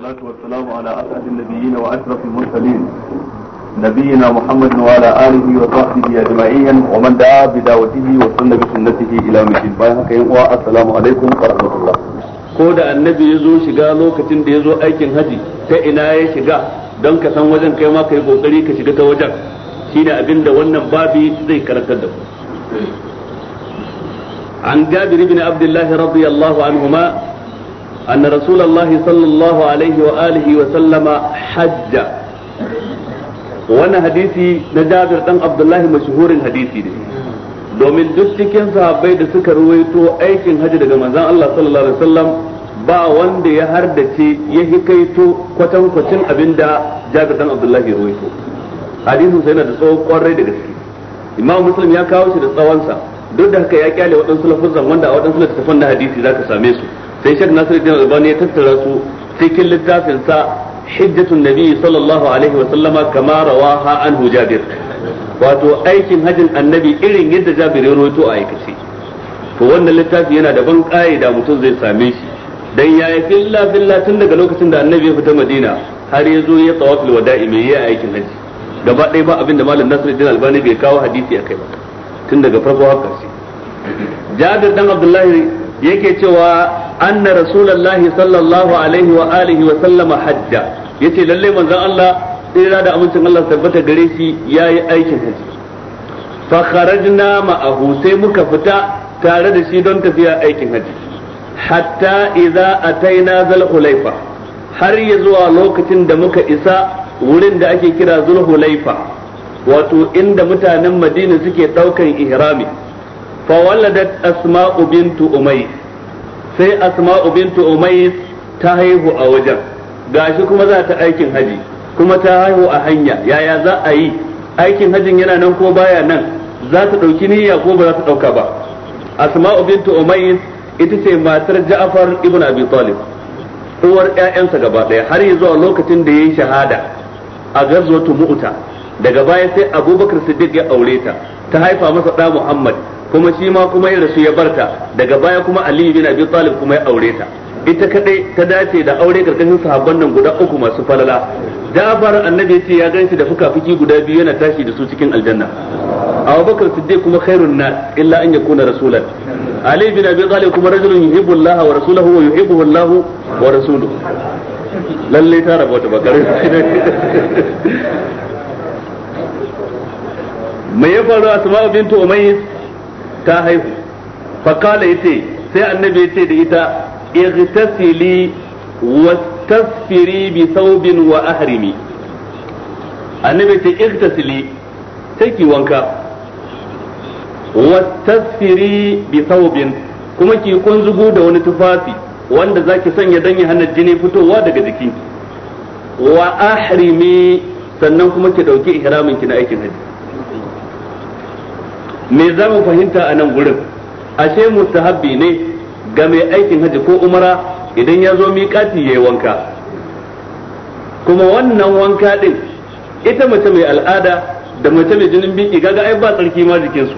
والصلاة والسلام على أسعد النبيين وأشرف المرسلين نبينا محمد وعلى آله وصحبه أجمعين ومن دعا بدعوته وسن بسنته إلى يوم الدين السلام عليكم ورحمة الله ko da annabi ya zo shiga lokacin da ya zo aikin hajji ta ina ya shiga don ka san wajen kai ma ka yi kokari ka shiga ta wajen shine abin da wannan babi zai karantar da ku an jabir ibn abdullahi radiyallahu anhuma أن رسول الله صلى الله عليه وآله وسلم حج wannan hadisi na Jabir dan Abdullahi mashuhurin hadisi ne domin duk cikin sahabbai da suka ruwaito aikin haji daga manzon Allah sallallahu alaihi wasallam ba wanda ya hardace ya hikaito kwatankwacin abinda Jabir dan Abdullahi ya ruwaito hadisin sai na da tsawo kwarai da gaske Imam Muslim ya kawo shi da tsawonsa duk da haka ya kyale waɗansu lafuzan wanda a waɗansu littattafan na hadisi zaka same su sai nasir din Albani ya tattara su cikin littafin sa Hijjatun Nabi sallallahu alaihi wa sallama kama rawaha an hujabir wato aikin hajjin annabi irin yadda Jabir ya rawaito a aikace to wannan littafi yana da ban kaida mutum zai same shi dan yayi filla filla tun daga lokacin da annabi ya fita Madina har ya zo ya tawafil wada'i mai yi aikin hajji gaba ɗaya ba abinda malam Nasiruddin Albani bai kawo hadisi akai ba tun daga farko har ƙarshe Jabir dan Abdullahi yake cewa anna rasulullahi sallallahu alaihi wa alihi wa sallama hajja yace lallai manzan Allah tsira da amincin Allah tabbata gare shi yayi aikin haji fa kharajna ma'ahu sai muka fita tare da shi don tafiya aikin haji hatta idza ataina zal hulaifa har ya zuwa lokacin da muka isa wurin da ake kira zul hulaifa wato inda mutanen madina suke ɗaukan ihrami fa walladat asma'u bintu Umai. sai asma'u bintu umayis ta haihu a wajen gashi kuma za ta aikin haji kuma ta haihu a hanya yaya za a yi aikin hajin yana nan ko baya nan za ta ɗauki niyya ko ba za ta ɗauka ba asma'u bintu umayis ita ce matar ja'far ibn abi talib uwar ƴaƴansa gaba ɗaya har yanzu a lokacin da ya yi shahada a gazwatu mu'ta daga baya sai abubakar siddiq ya aure ta ta haifa masa ɗa muhammad kuma shi ma kuma ya rasu ya barta daga baya kuma Ali bin Abi Talib kuma ya aure ta ita kadai ta dace da aure karkashin sahabban nan guda uku masu falala Jabar annabi ce ya ganshi da fukafuki guda biyu yana tashi da su cikin aljanna bakar Siddiq kuma khairun nas illa an yakuna rasulan Ali bin Abi Talib kuma rajulun yuhibbu Allah wa rasuluhu wa yuhibbu Allah wa rasuluhu lalle ta rabu wata bakarin me ya faru asma'u bintu umayyah ta haihu fakala yace sai annabi yace da ita igtasili wastasfiri bi thawbin wa ahrimi annabi yace igtasili sai ki wanka wastasfiri bi thawbin kuma ki kunzugu da wani tufafi wanda zaki sanya dan ya hana jini fitowa daga jikinki wa ahrimi sannan kuma ki dauki ihramin ki na aikin hajji me za mu fahimta a nan gurin ashe mustahabbi ne ga mai aikin hajji ko umara idan ya zo miƙati ya yi wanka kuma wannan wanka ɗin ita mace mai al'ada da mace mai jinin biki gaga ai ba tsarki ma jikinsu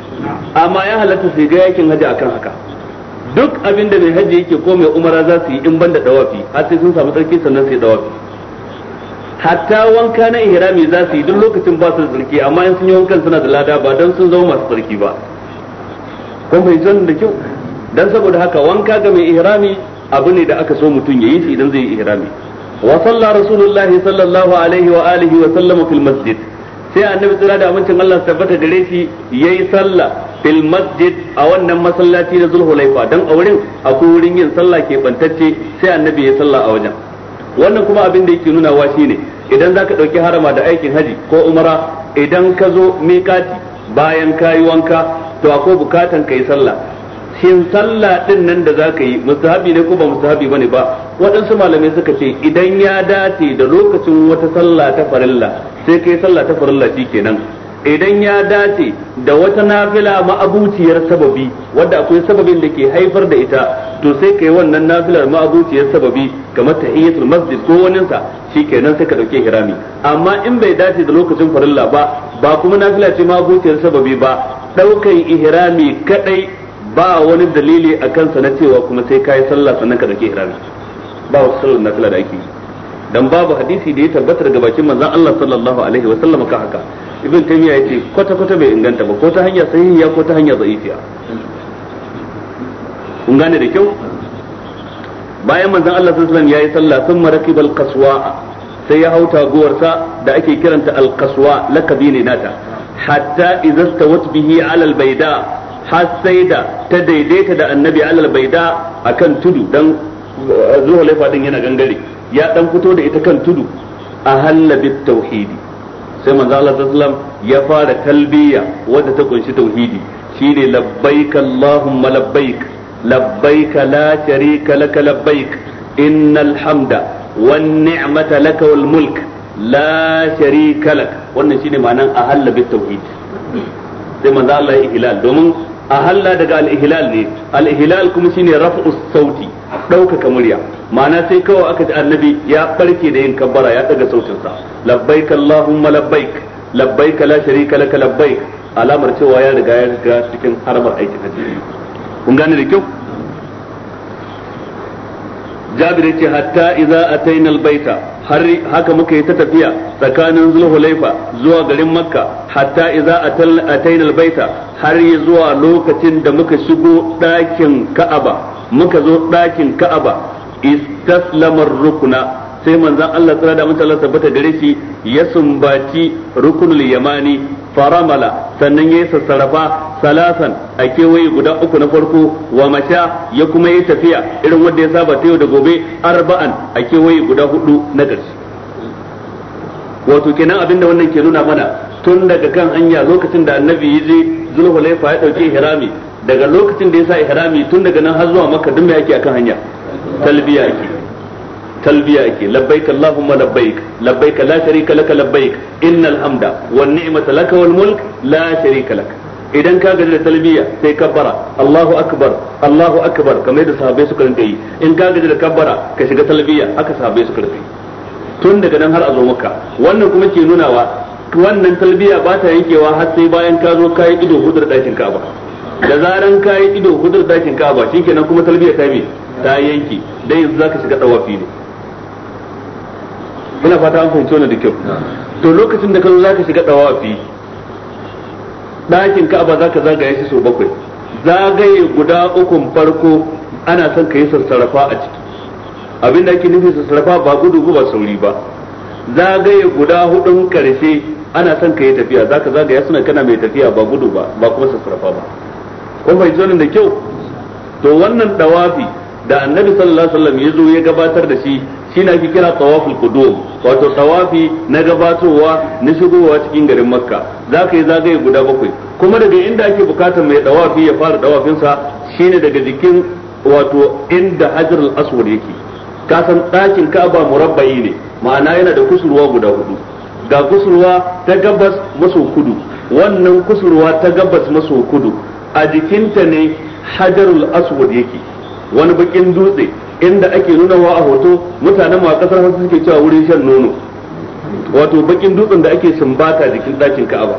amma ya halatta su ga yakin hajji akan haka duk abin da mai hajji yake ko mai umara za su yi in banda dawafi har sai sun samu tsarki sannan sai dawafi hatta wanka na ihrami za su yi duk lokacin ba su tsarki amma in sun yi wankan suna da lada ba don sun zama masu tsarki ba kun fahimci wannan da kyau dan saboda haka wanka ga mai ihrami abu ne da aka so mutum ya yi shi idan zai yi ihrami wa salla rasulullahi sallallahu alaihi wa alihi wa sallam fil masjid sai annabi tsira da amincin Allah su tabbata gare shi yayi sallah fil masjid a wannan masallaci na zulhulaifa dan a wurin akwai wurin yin sallah ke bantacce sai annabi ya sallah a wajen wannan kuma abin da yake nuna wa shi ne idan zaka ɗauki harama da aikin haji ko umara idan ka zo miƙati bayan kayi wanka to akwai bukatan kai sallah shin sallah din nan da zaka yi mustahabi ne ko ba mustahabi bane ba waɗansu malamai suka ce idan ya dace da lokacin wata sallah ta farilla sai kai sallah ta farilla shikenan idan ya dace da wata nafila ma'abuciyar sababi wadda akwai sababin da ke haifar da ita to sai kai wannan nafilar ma'abuciyar sababi kamar tahiyatul masjid ko shi shikenan sai ka dauke hirami amma in bai dace da lokacin farilla ba ba kuma nafila ce ma'abuciyar sababi ba daukan ihrami kadai ba wani dalili a kansa na cewa kuma sai kai sallah sannan ka dauke hirami ba wasu sallar nafila da ake yi dan babu hadisi da ya tabbatar ga bakin manzon Allah sallallahu alaihi wa sallam ka haka ibn taymiya yace kwata kwata bai inganta ba ko ta hanya sahihiya ko ta hanya dha'ifiya kun gane da kyau bayan manzon Allah sallallahu alaihi wasallam yayi sallah thumma rakibal qaswa sai ya hauta guwarsa da ake kiranta al qaswa lakabi ne nata hatta idza stawat bihi ala al bayda ta daidaita da annabi ala al bayda akan tudu dan zuwa fadin yana gangare ya dan fito da ita kan tudu a halla bit tauhidi sai manzo Allah sallallahu ya fara talbiya wadda ta kunshi tauhidi shine labbaik allahumma labbaik labbaik la sharika laka labbaik innal hamda wan ni'mata laka wal mulk la sharika lak wannan shine ma'anan ahalla bit tauhid sai manzo Allah ya ihlal domin ahalla daga al ihlal ne al ihlal kuma shine raf'us sauti ɗaukaka murya ma'ana sai kawai aka ji annabi ya barke da yin kabbara ya daga sautinsa labbaik allahumma labbaik labbaik la sharika laka labbaik alamar cewa ya riga ya riga cikin haramar aikin hajji kun gane da kyau Jabir yace hatta idza atayna albayta har haka muka yi ta tafiya tsakanin Zulhulaifa zuwa garin Makka hatta idza atayna albayta har zuwa lokacin da muka shigo ɗakin Ka'aba muka zo ɗakin Ka'aba istaslamar rukuna sai manzan Allah tsara da mutala tabbata gare shi ya sumbaci rukunul yamani faramala sannan ya yi sassarafa salasan a kewaye guda uku na farko wa masha ya kuma yi tafiya irin wanda ya saba ta yau da gobe arba'an a kewaye guda hudu na ƙarshe wato kenan abinda wannan ke nuna mana tun daga kan hanya lokacin da annabi ya je zulhulaifa ya dauke hirami daga lokacin da ya sa ihrami tun daga nan har zuwa makka duk me yake akan hanya talbiya ake talbiya ake labbaik allahumma labbaik labbaik la sharika laka labbaik innal hamda wan ni'mata laka wal mulk la sharika laka idan ka gaji da talbiya sai kabbara Allahu akbar Allahu akbar kamar da sahabbai suka rinka yi in ka gaji da kabbara ka shiga talbiya haka sahabbai suka rinka yi tun daga nan har a zo maka wannan kuma ke nunawa wannan talbiya ba ta yankewa har sai bayan ka zo ka yi ido hudur ɗakin ka ba da zaran ka yi ido hudur dakin kaba shikenan kuma talbiya ta yi ta yanki dai yanzu zaka shiga dawafi ne ina fata an fahimci wannan da kyau to lokacin da ka zo zaka shiga dawafi dakin kaba zaka zagaye shi so bakwai zagaye guda ukun farko ana son ka yi sassarafa a ciki abin da ake nufi sassarafa ba gudu ba sauri ba zagaye guda hudun karshe ana son ka yi tafiya zaka zagaya suna kana mai tafiya ba gudu ba ba kuma sassarafa ba kun fahimci wannan da kyau to wannan dawafi da annabi sallallahu alaihi wasallam ya zo ya gabatar da shi shine ake kira tawaful qudum wato tawafi na gabatowa na shigowa cikin garin makka zaka yi zagaye guda bakwai kuma daga inda ake bukatar mai dawafi ya fara dawafin sa shine daga jikin wato inda hajarul aswad yake ka san ɗakin ka'aba murabba'i ne ma'ana yana da kusurwa guda hudu ga kusurwa ta gabas maso kudu wannan kusurwa ta gabas maso kudu a jikinta ne hajarul aswad yake wani bakin dutse inda ake nuna wa a hoto mutanen ma kasar hausa suke cewa wurin shan nono wato bakin dutsen da ake sumbata jikin ɗakin ka'aba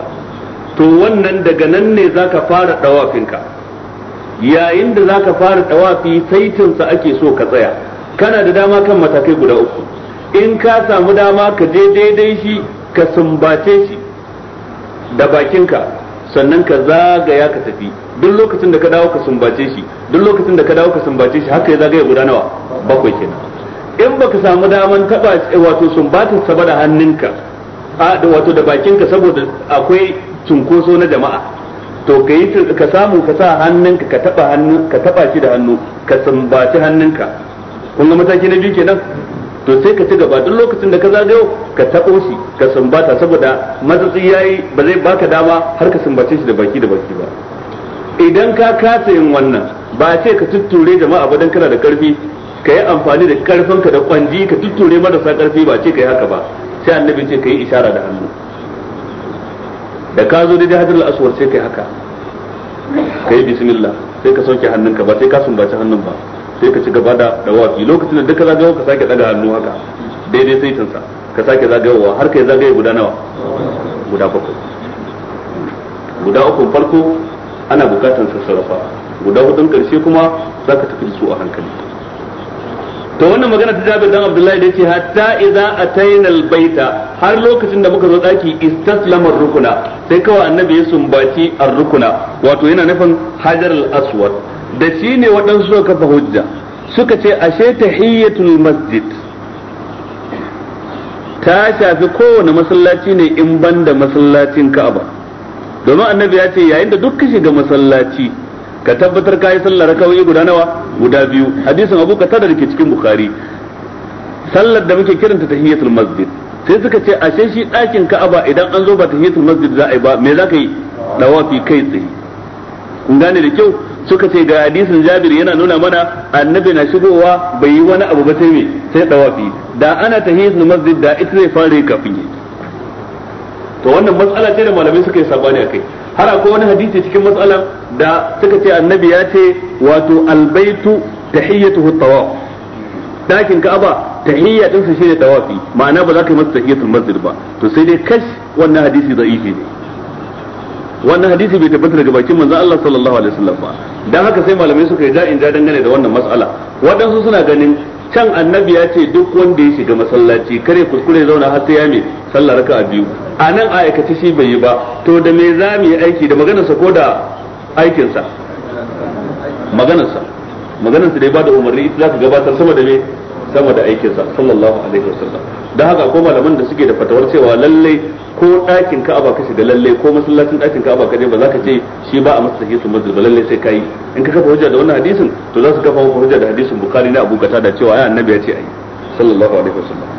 to wannan daga nan ne zaka fara dawafinka yayin da zaka fara dawafi saitinsa ake so ka tsaya kana da dama kan matakai guda uku in ka samu dama ka je daidai shi ka sumbace shi da bakinka sannan ka zagaya ka tafi duk lokacin da ka dawo ka sumbace shi duk lokacin da ka dawo ka sumbace shi haka ya zagaya guda nawa bakwai kenan in baka samu daman taba eh, wato sumbatar sa ba da hannunka a wato da bakinka saboda akwai cunkoso na jama'a to ka yi ka samu ka sa hannunka ka taba hannu ka taba shi da hannu ka sumbaci hannunka kun ga mataki na biyu kenan to sai ka ci gaba duk lokacin da ka zagayo ka taɓo shi ka sumbata saboda matsatsi yayi ba zai baka dama har ka sumbace shi da baki da baki ba idan ka kasa yin wannan ba ce ka tutture jama'a ba dan kana da karfi ka yi amfani da karfinka da kwanji ka tutture marasa karfi ba ce ka yi haka ba sai annabi ce ka yi ishara da hannu da ka zo daidai hajjar al'asuwar sai ka yi haka ka yi bismillah sai ka sauke hannunka ba sai ka sumbaci hannun ba sai ka ci gaba da dawafi lokacin da duka zagayo ka sake daga hannu haka daidai sai sa ka sake zagayowa har kai zagaye guda nawa guda bakwai guda uku farko ana bukatan sassarafa guda hudun karshe kuma za ka tafi su a hankali to wannan magana ta Jabir dan Abdullahi da yace hatta idza atayna albayta har lokacin da muka zo daki istaslama rukuna sai kawai annabi ya sumbaci ar-rukuna wato yana nufin hajar al-aswad da shi ne waɗansu suka kafa hujja suka ce ashe tahiyyatul masjid ta shafi kowane masallaci ne in banda masallacin Ka'aba domin annabi ya ce yayin da duk shiga masallaci ka tabbatar ka yi sallar rakawoyi guda nawa guda biyu hadisin abu ka tada ke cikin bukhari sallar da muke kiranta tahiyatul masjid sai suka ce ashe shi ɗakin ka'aba idan an zo ba tahiyatul masjid za a yi ba me za ka yi dawafi kai tsaye kun gane da kyau suka ce ga hadisin Jabir yana nuna mana annabi na shigowa bai yi wani abu ba sai me sai dawafi da ana tahiyatul masjid da ita zai fara kafin yi to wannan matsala ce da malamai suka yi sabani akai har akwai wani hadisi cikin matsalan da suka ce annabi ya ce wato albaitu tahiyyatuhu tawaf dakin ka'aba tahiyya din su shine tawafi ma'ana ba za ka yi masa tahiyatul masjid ba to sai dai kash wannan hadisi da'ifi ne wannan hadisi bai tabbata daga bakin manzon Allah sallallahu alaihi wasallam ba dan haka sai malamai suka yi da'in da dangane da wannan mas'ala waɗansu suna ganin can annabi ya ce duk wanda ya shiga masallaci kare kuskure zauna har sai ya mai sallar raka'a biyu a nan a aikace shi bai yi ba to da me za mu yi aiki da sa ko da aikin sa? maganar sa da ba da umarni ita za ka gabatar sama da me sama da aikin sa sallallahu alaihi wasallam Da haka akwai malaman da suke da fatawar cewa lalle ko ɗakin ka ba ka shiga lalle ko masallacin ɗakin ka'aba ka je ba za ka ce shi ba a masallaci su masjid ba lalle sai kai in ka kafa hujja da wannan hadisin to za su kafa hujja da hadisin bukhari na abu da cewa ai annabi ya ce ayi sallallahu alaihi wasallam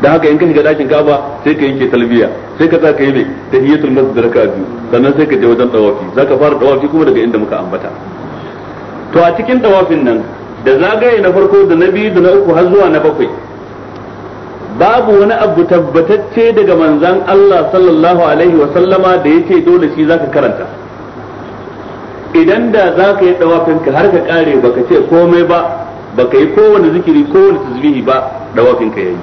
da haka in ka shiga ɗakin ka'aba sai ka yanke talbiya sai ka zaka ka yi mai tahiyatul masjid raka'a biyu sannan sai ka je wajen tawafi zaka fara tawafi kuma daga inda muka ambata to a cikin tawafin nan da zagaye na farko da na biyu da na uku har zuwa na bakwai babu wani abu tabbatacce daga manzan Allah sallallahu alaihi wa sallama da yake dole shi zaka karanta idan da zaka yi dawafinka har ka kare baka ce komai ba baka yi kowane zikiri kowane tasbihi ba dawafinka yayi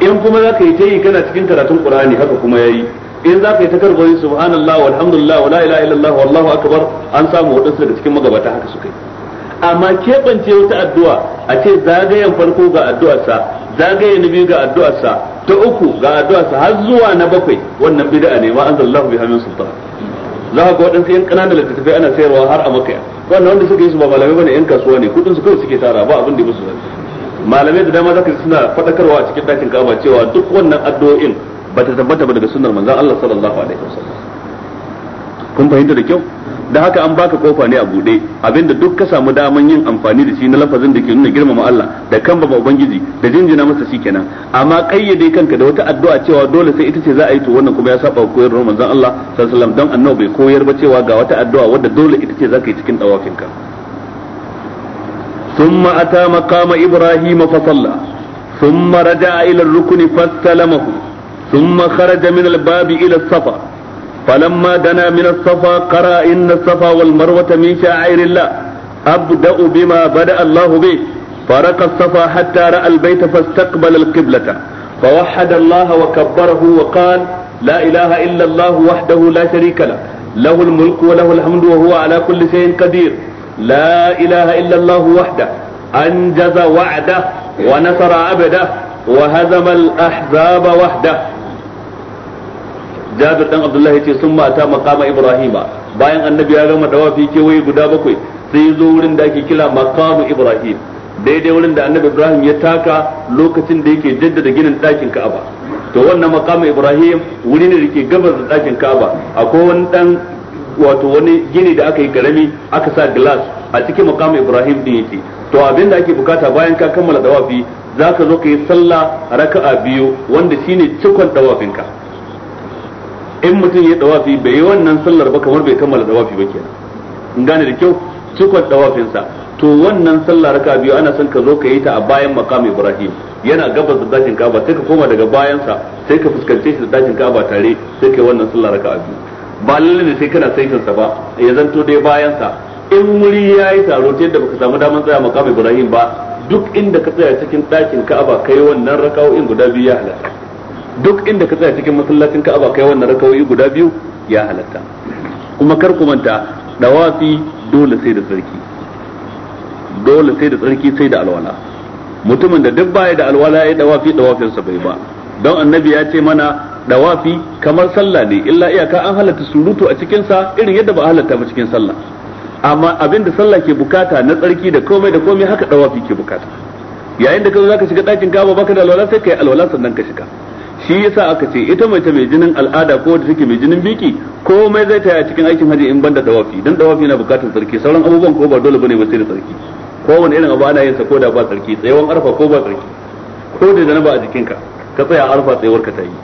in kuma zaka yi tayi kana cikin karatun Qur'ani haka kuma yayi in zaka yi ta subhanallahi walhamdulillahi wala ilaha illallah wallahu akbar an samu wadansu daga cikin magabata haka suka yi amma keɓance wata addu'a a ce zagayen farko ga addu'arsa zagayen na biyu ga addu'arsa ta uku ga addu'arsa har zuwa na bakwai wannan bid'a ne ma anzalallahu biha min sultan za ka ga waɗansu yan ƙananan littattafai ana sayarwa har a makaya wannan wanda suka yi su ba malamai bane yan kasuwa ne kudin su kawai suke tara ba abin da musu malamai da dama zaka ji suna faɗakarwa a cikin dakin kaba cewa duk wannan addu'o'in ba ta tabbata ba daga sunnar manzon Allah sallallahu alaihi wasallam kun fahimta da kyau da haka an baka kofa ne a bude abinda duk ka samu daman yin amfani da shi na lafazin da ke nuna girmama Allah da kan baba ubangiji da jinjina masa shi kenan amma kayyade kanka da wata addu'a cewa dole sai ita ce za a yi to wannan kuma ya saba da manzon Allah sallallahu alaihi wasallam dan annabi bai koyar ba cewa ga wata addu'a wadda dole ita ce za ka yi cikin dawafinka ثم أتى مقام إبراهيم فصلى ثم رجع إلى الركن فاستلمه ثم خرج من الباب ila safa. فلما دنا من الصفا قرأ إن الصفا والمروة من شعائر الله أبدأ بما بدأ الله به فرق الصفا حتى رأى البيت فاستقبل القبلة فوحد الله وكبره وقال لا إله إلا الله وحده لا شريك له له الملك وله الحمد وهو على كل شيء قدير لا إله إلا الله وحده أنجز وعده ونصر عبده وهزم الأحزاب وحده jabir dan abdullah yace sun mata maqama ibrahima bayan annabi ya gama dawafi kewaye guda bakwai sai ya zo wurin da ake kira maqamu ibrahim daidai wurin da annabi ibrahim ya taka lokacin da yake jaddada ginin dakin ka'aba to wannan maqamu ibrahim wuri ne da ke gabas da dakin ka'aba akwai wani dan wato wani gini da aka yi garami aka sa glass a cikin maqamu ibrahim din yake to abin da ake bukata bayan ka kammala dawafi ka zo ka yi sallah raka'a biyu wanda shine cikon dawafinka in mutum ya dawafi bai yi wannan sallar ba kamar bai kammala dawafi ba kenan in gane da kyau cikon dawafin to wannan sallah raka biyu ana son ka zo ka yi ta a bayan makam Ibrahim yana gabas da dakin Ka'aba sai ka koma daga bayan sa sai ka fuskance shi da dakin Ka'aba tare sai ka yi wannan sallah raka biyu ba lalle ne sai kana saitin sa ba ya zanto dai bayan sa in wuri ya yi taro ta yadda baka samu daman tsaya makam Ibrahim ba duk inda ka tsaya cikin dakin Ka'aba kai wannan raka'o'in guda biyu ya halatta duk inda ka tsaya cikin masallacin Ka'aba kai wannan rakawoyi guda biyu ya halatta kuma kar ku manta dawafi dole sai da tsarki dole sai da tsarki sai da alwala mutumin da duk baya da alwala ya dawafi dawafin sa bai ba don annabi ya ce mana dawafi kamar sallah ne illa iyaka an halatta surutu a cikin sa irin yadda ba halatta ba cikin sallah amma abin da sallah ke bukata na tsarki da komai da komai haka dawafi ke bukata yayin da ka zo zaka shiga ɗakin ba baka da alwala sai kai alwala sannan ka shiga shi yasa aka ce ita mai ta mai jinin al'ada ko da take mai jinin biki komai zai taya cikin aikin haji in banda dawafi dan dawafi yana bukatar sarki sauran abubuwan ko ba dole bane ba sai da sarki? Ko kowane irin abu ana yin sa ko da ba sarki? tsayawan arfa ko ba sarki? ko da zanaba a jikinka ka tsaya a arfa tsayawar ka ta yi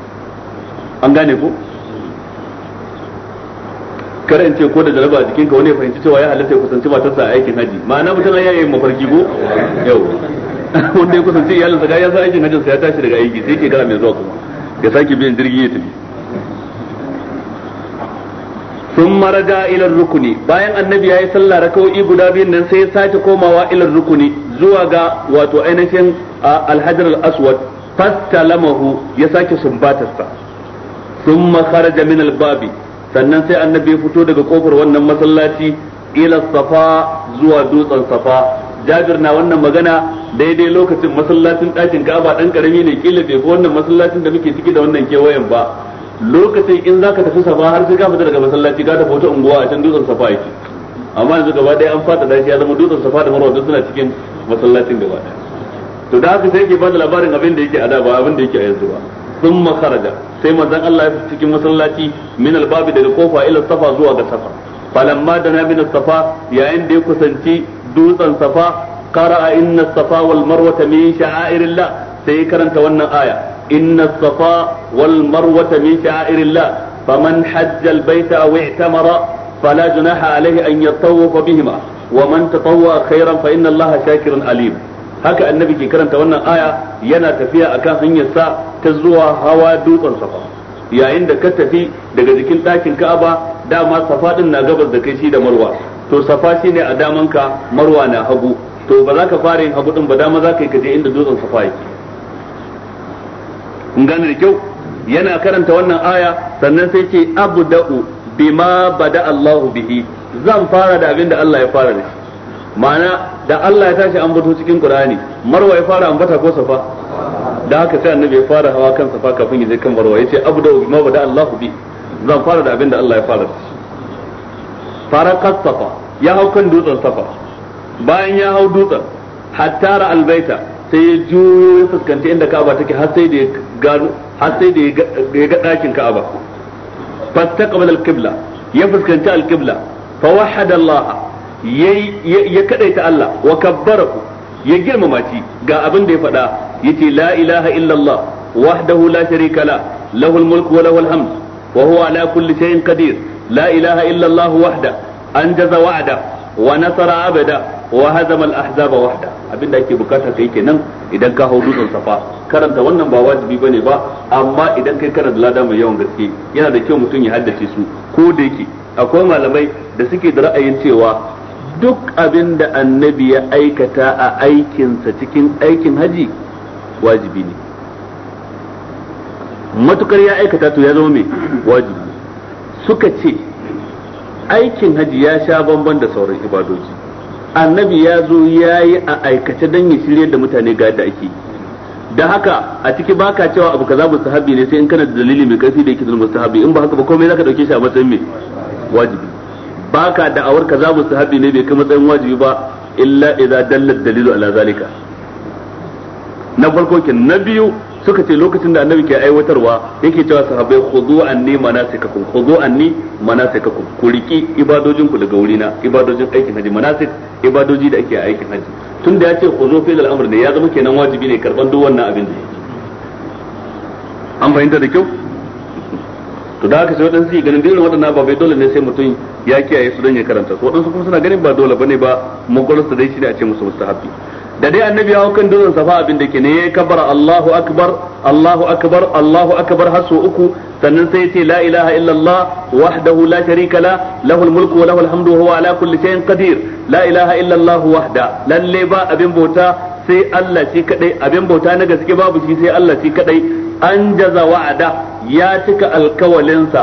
an gane ko kada in ce ko da zanaba a jikinka wani ya fahimci cewa ya halatta ya kusanci matarsa a aikin haji ma'ana mutum ya yi mafarki ko yau wanda ya kusanci iyalinsa ga ya sa aikin hajjinsa ya tashi daga aiki sai ke gara mai zuwa kuma ya sake biyan jirgi ya tafi sun ilar rukuni bayan annabi ya yi sallah raka'o'i guda biyun nan sai ya sake komawa ilar rukuni zuwa ga wato ainihin alhajar al'aswad aswad fastalamahu ya sake sumbatarsa sun kharaja min al sannan sai annabi ya fito daga kofar wannan masallaci ila safa zuwa dutsen safa jabir na wannan magana daidai lokacin masallacin ɗakin ka'aba ɗan karami ne kila bai wannan masallacin da muke ciki da wannan kewayen ba lokacin in zaka tafi safa har sai ka fita daga masallaci ka tafi wata unguwa a can dutsen safa yake amma yanzu gaba ɗaya an fata dashi ya zama dutsen safa da marwa duk suna cikin masallacin gaba ɗaya to da haka sai ke bada labarin abin da yake a da ba abin da yake a yanzu ba sun makaraja sai manzon Allah ya cikin masallaci min albabi daga kofa ila safa zuwa ga safa falamma dana min safa yayin da ya kusanci dutsen safa qara'a inna safa wal marwata min sha'airillah sai karanta wannan aya inna safa wal marwata min sha'airillah faman hajja al baita aw i'tamara فلا جناح عليه أن يطوف بهما ومن تطوع fa فإن الله شاكر عليم haka annabi ke karanta wannan aya yana tafiya akan hanyar sa ta zuwa hawa dutsen safa yayin da ka tafi daga jikin ɗakin ka'aba dama safa din na gabas da kai shi da marwa to safa shine a daman ka marwa na hagu to ba za ka fara yin hagu din ba dama za ka yi kaje inda dutsen safa yake kun gane da kyau yana karanta wannan aya sannan sai ce abda'u bima bada Allahu bihi zan fara da abin da Allah ya fara da shi ma'ana da Allah ya tashi ambato cikin Qur'ani Marwa ya fara ambata ko Safa da haka sai Annabi ya fara hawa kan Safa kafin ya je kan Marwa yace abda'u bima bada Allahu bihi zan fara da abin da Allah ya fara da shi farakat safa ya hau kan dutsen safa bayan ya hau dutsen hatta albaita sai ya juyo ya fuskanci inda ka'aba take har sai da ya gano har sai da ya ga dakin ka'aba fastaqbala alqibla ya fuskanci alqibla fa wahada Allah ya kadaita Allah wa kabbarahu ya girmama shi ga abin da ya faɗa yace la ilaha illa allah wahdahu la sharika la lahul mulku wa lahul hamd wa huwa ala kulli shay'in qadir la ilaha illallah الله anjaza wa'da wa nasara عبده wa hazama وحده ahzaba wahda abinda ake bukata kai kenan idan ka hau dutsen safa karanta wannan ba wajibi bane ba amma idan kai karanta lada mai yawan gaske yana da kyau mutum ya haddace su ko da yake akwai malamai da suke da ra'ayin cewa duk abin da annabi ya aikata a aikinsa cikin aikin haji wajibi ne matukar ya aikata to ya zama mai wajibi suka ce aikin haji ya sha bamban da sauran ibadoji annabi ya zo ya yi a aikace don ya shirya da mutane ga da ake da haka a ciki baka cewa abu kaza mustahabi ne sai in kana da dalili mai karfi da yake zama mustahabi in ba haka ba komai zaka dauke shi a matsayin mai wajibi baka da awar kaza mustahabi ne bai kai matsayin wajibi ba illa idza dalla dalilu ala zalika na farko kin na biyu suka ce lokacin da annabi ke aiwatarwa yake cewa sahabbai khudu anni manasikakum khudu anni manasikakum ku riki ibadojin ku daga wurina ibadojin aikin haji manasik ibadoji da ake aikin haji tunda ya ce khudu fil al'amr ne ya zama kenan wajibi ne karban duk wannan abin da an fahimta da kyau to da haka sai waɗansu ke ganin dole wadannan ba bai dole ne sai mutum ya kiyaye su don ya karanta su waɗansu kuma suna ganin ba dole bane ba makwalarsa dai shi ne a ce musu mustahabbi da dai annabi ya kan dutsen safa abin da ke ne ya kabar Allahu akbar Allahu akbar Allahu akbar har so uku sannan sai ce la ilaha illallah wahdahu la sharika la lahul mulku wa lahul hamdu huwa ala kulli shay'in qadir la ilaha illallah wahda lalle ba abin bauta sai Allah shi kadai abin bauta na gaske babu shi sai Allah shi kadai an jaza wa'ada ya cika alkawalinsa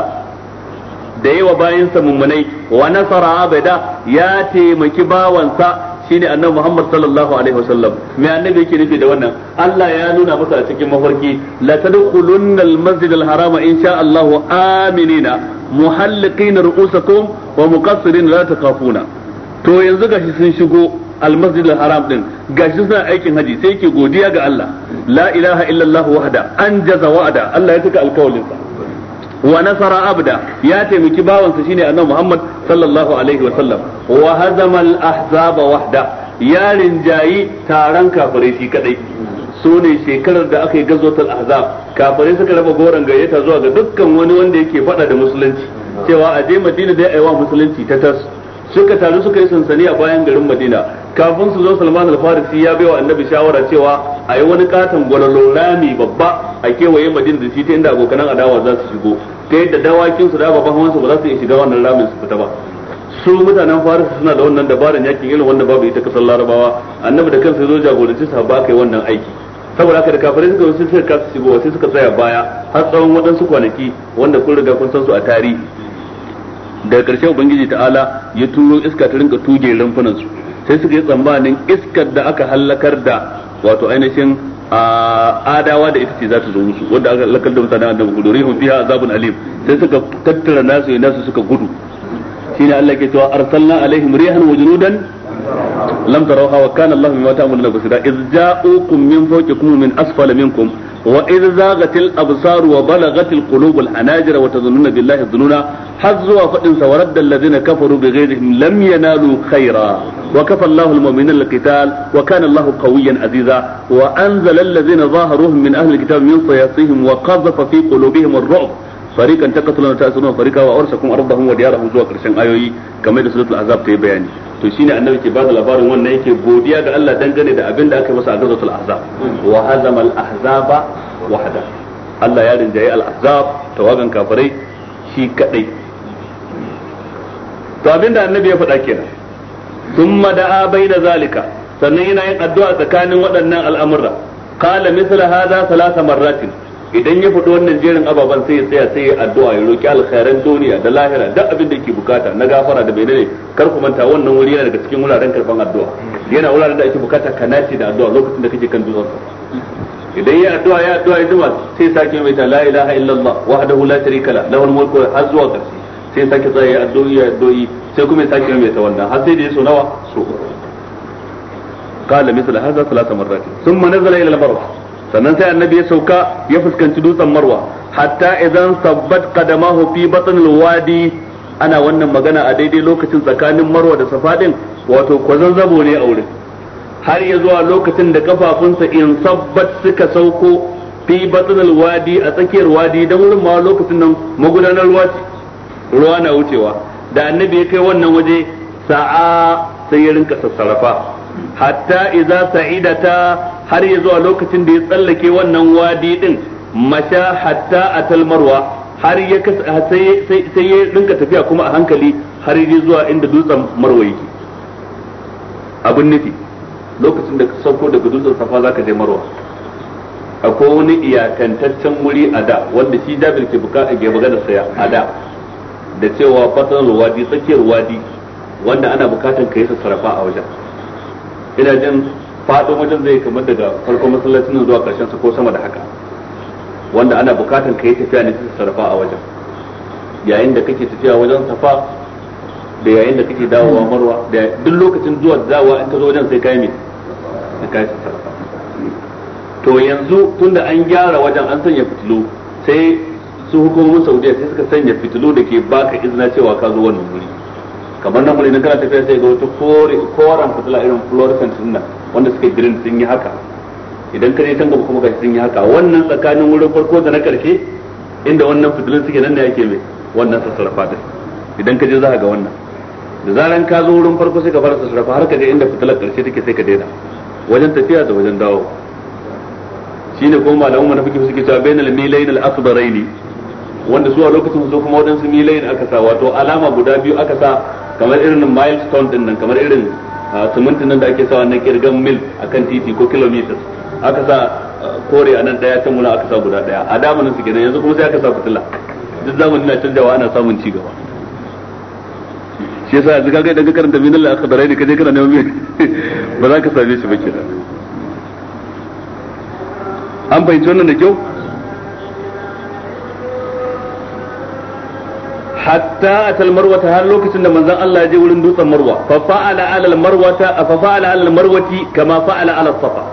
da yawa bayansa mummunai wa nasara abada ya taimaki bawansa shine annabi Muhammad sallallahu alaihi wasallam me annabi yake nufi da wannan Allah ya nuna masa a cikin mafarki la tadkhulunna al-masjid al-harama insha Allah aminina muhalliqin ru'usakum wa muqassirin la takafuna to yanzu gashi sun shigo al-masjid al-haram din gashi suna aikin haji sai yake godiya ga Allah la ilaha illallah wahda anjaza wa'ada Allah ya saka alkawalin wa nasara abda ya taimaki bawansa shine annabi Muhammad sallallahu alaihi wa sallam wa al ahzaba wahda ya rinjayi taron kafirai shi kadai so ne shekarar da aka yi gazotar ahzab kafirai suka raba goron gayyata zuwa ga dukkan wani wanda yake fada da musulunci cewa a je Madina dai ayi wa musulunci ta tas suka taru suka yi sansani a bayan garin Madina kafin su zo Salman al-Farisi ya baiwa Annabi shawara cewa a yi wani katon gwalalo rami babba a kewaye Madina da shi ta inda abokan adawa za su shigo ta yadda dawakin su da babban hawansu ba za su iya shiga wannan ramin su fita ba su mutanen farisi suna da wannan dabaran yakin irin wanda babu ita kasar Larabawa Annabi da kansa ya zo jagoranci ba kai wannan aiki saboda haka da kafirai suka sai suka kasu shigowa sai suka tsaya baya har tsawon waɗansu kwanaki wanda kun riga kun san su a tarihi daga karshe ubangiji ta'ala ya turo iska ta rinka tuge rumfunan su sai suka yi tsammanin iskar da aka halakar da wato ainihin adawa da ita ce za ta zo musu wanda aka halakar da mutane annabi gudu rihun fiha azabun alim sai suka tattara nasu nasu suka gudu shine Allah ke cewa arsalna alaihim rihan wa junudan lam tarawha wa kana Allah bima ta'maluna basira iz ja'ukum min fawqikum min asfala minkum wa idh zaghatil absar wa balagatil qulubul hanajir wa tazunnuna billahi dhununa har zuwa fadin sa waradda alladhina kafaru bighayrihim lam yanalu khaira wa kafa Allahu almu'minina alqital wa kana Allahu qawiyyan aziza wa anzala alladhina zaharuhum min ahli alkitab min sayasihim wa qadhafa fi qulubihim ar ta fariqan taqtuluna ta'suna farika wa kuma ardahum wa diyarahum zuwa karshen ayoyi kamar da suratul azab ta yi bayani to shine annabi ke bada labarin wannan yake godiya ga Allah dangane da abin da aka yi masa a gazatul azab wa hazama al ahzaba wahda Allah ya rinjaye al ahzab tawagan kafirai shi kadai to abin da annabi ya faɗa kenan thumma da'a bayna zalika sannan yana yin addu'a tsakanin waɗannan al'amura qala mithla hadha thalatha marratin idan ya fito wannan jerin ababan sai ya tsaya sai ya addu'a ya roki alkhairan duniya da lahira duk abin da yake bukata na gafara da menene kar ku manta wannan wuri yana daga cikin wuraren karban addu'a yana wuraren da ake bukata ka nace da addu'a lokacin da kake kan dutsen idan ya addu'a ya addu'a ya jima sai sake mai ta la ilaha illallah wahdahu la sharika la lahul mulku har zuwa ƙarshe sai sake tsaya ya addu'a ya addu'i sai kuma ya sake mai ta wannan har sai da ya so nawa so قال مثل هذا ثلاث مرات ثم نزل الى المروه sannan sai annabi ya sauka ya fuskanci dutsen marwa hatta idan sabbat qadamahu fi batn wadi ana wannan magana a daidai lokacin tsakanin marwa da safadin wato zanzabo ne a wurin har ya zuwa lokacin da kafafunsa in sabbat suka sauko fi batn wadi a tsakiyar wadi dan wurin ma lokacin nan magudanar ruwa ruwa na wucewa da annabi ya kai wannan waje sa'a sai ya rinka sassarafa hatta idza sa'idata har ya zuwa lokacin da ya tsallake wannan wadi din masha hatta atal marwa har ya sai ya rinka tafiya kuma a hankali har ya zuwa inda dutsen marwa yake abin nufi lokacin da ka sauko daga dutsen safa zaka je marwa akwai wani iyakantaccen wuri a da wanda shi jabir ke buka a gaba da saya a da da cewa fatan wadi tsakiyar wadi wanda ana bukatan ka yi sarrafa a wajen ina jin fado wajen zai kamar daga farkon masallacin nan zuwa karshen sa ko sama da haka wanda ana bukatan yi tafiya ne ta sarrafa a wajen yayin da kake tafiya wajen safa da yayin da kake dawowa marwa da duk lokacin zuwa dawowa in ka zo wajen sai kai me sai kai sarrafa. to yanzu tunda an gyara wajen an sanya fitilu sai su hukumomin Saudiya sai suka sanya fitilu da ke baka izina cewa ka zo wannan wuri kamar nan idan kana tafiya sai ga wata kore koran fitila irin fluorescent din nan wanda suke green sun yi haka idan ka je can gaba kuma ga sun yi haka wannan tsakanin wurin farko da na karshe inda wannan fitilun suke nan ne yake mai wannan sassarafa din idan ka je za ga wannan da zaran ka zo wurin farko sai ka fara sassarafa har ka je inda fitilar karshe take sai ka daina wajen tafiya da wajen dawo shine kuma malamu mana fiki suke cewa bainal milayn al asbaraini wanda su a lokacin su kuma wadansu milayin aka sa wato alama guda biyu aka sa kamar irin milestone din nan kamar irin ah, sumuntin nan da ake sawa na kirgan mil akan titi ko kilometers aka sa ah, kore a nan daya can muna aka sa guda daya a damanin su kenan yanzu kuma sai aka sa fitila duk zamanin na canjawa ana samun ci gaba shi yasa yanzu kaga idan ka karanta minal akhbarai ne kaje kana neman ba za ka same shi ba kenan an bayyana wannan da kyau hatta atal ta har lokacin da manzon Allah ya je wurin dutsen marwa fa fa'ala alal marwata fa fa'ala alal marwati kama fa'ala ala safa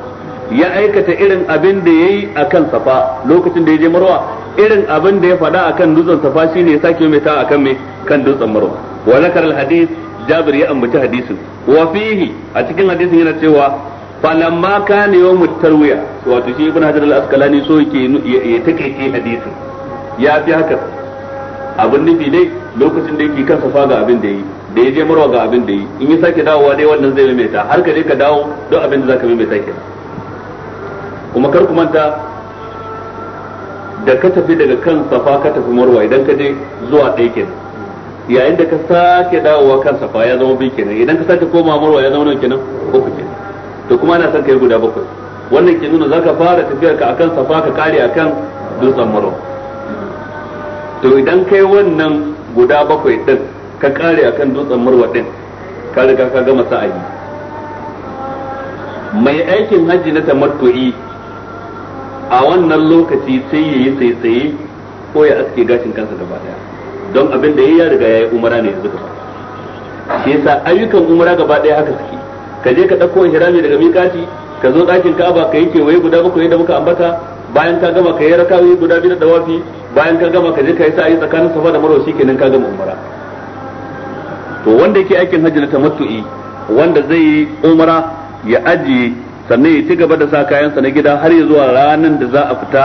ya aikata irin abin da yayi akan safa lokacin da ya je marwa irin abin da ya faɗa akan dutsen safa shine ya sake mai ta akan me kan dutsen marwa wa zakar al hadith jabir ya ambaci hadisin wa fihi a cikin hadisin yana cewa falamma kana yawmut tarwiya wato shi ibn hajar al asqalani so yake ya take hadisin ya fi haka abin nufi dai lokacin da yake kan safa ga abin da yi da ya je marwa ga abin da yi in ya sake dawowa dai wannan zai maimaita har ka je ka dawo duk abin da zaka maimaita kenan kuma kar ku manta da ka tafi daga kan safa ka tafi marwa idan ka je zuwa ɗaya kenan yayin da ka sake dawowa kan safa ya zama bi kenan idan ka sake koma marwa ya zama nan kenan uku kenan to kuma ana son ka yi guda bakwai wannan ke nuna zaka fara tafiyar ka akan safa ka kare akan dutsen marwa to idan kai wannan guda bakwai din ka kare akan dutsen murwa din ka riga ka gama sa'ayi mai aikin hajji na tamattu'i a wannan lokaci sai ya yi tsaye ko ya aske gashin kansa gaba daya don abin da ya riga ya yi umara ne yanzu gaba shi yasa ayyukan umara gaba daya haka suke ka je ka ɗauko ihrami daga mikati ka zo ɗakin ka'aba ka yi kewaye guda bakwai da muka ambata bayan ka gama ka yi rakawi guda biyu da dawafi bayan ka gama ka je ka yi sa'i tsakanin safa da marwa shikenan ka gama umara to wanda yake aikin hajji na tamattu'i wanda zai yi umara ya ajiye sannan ya ci gaba da sa kayansa na gida har ya zuwa ranar da za a fita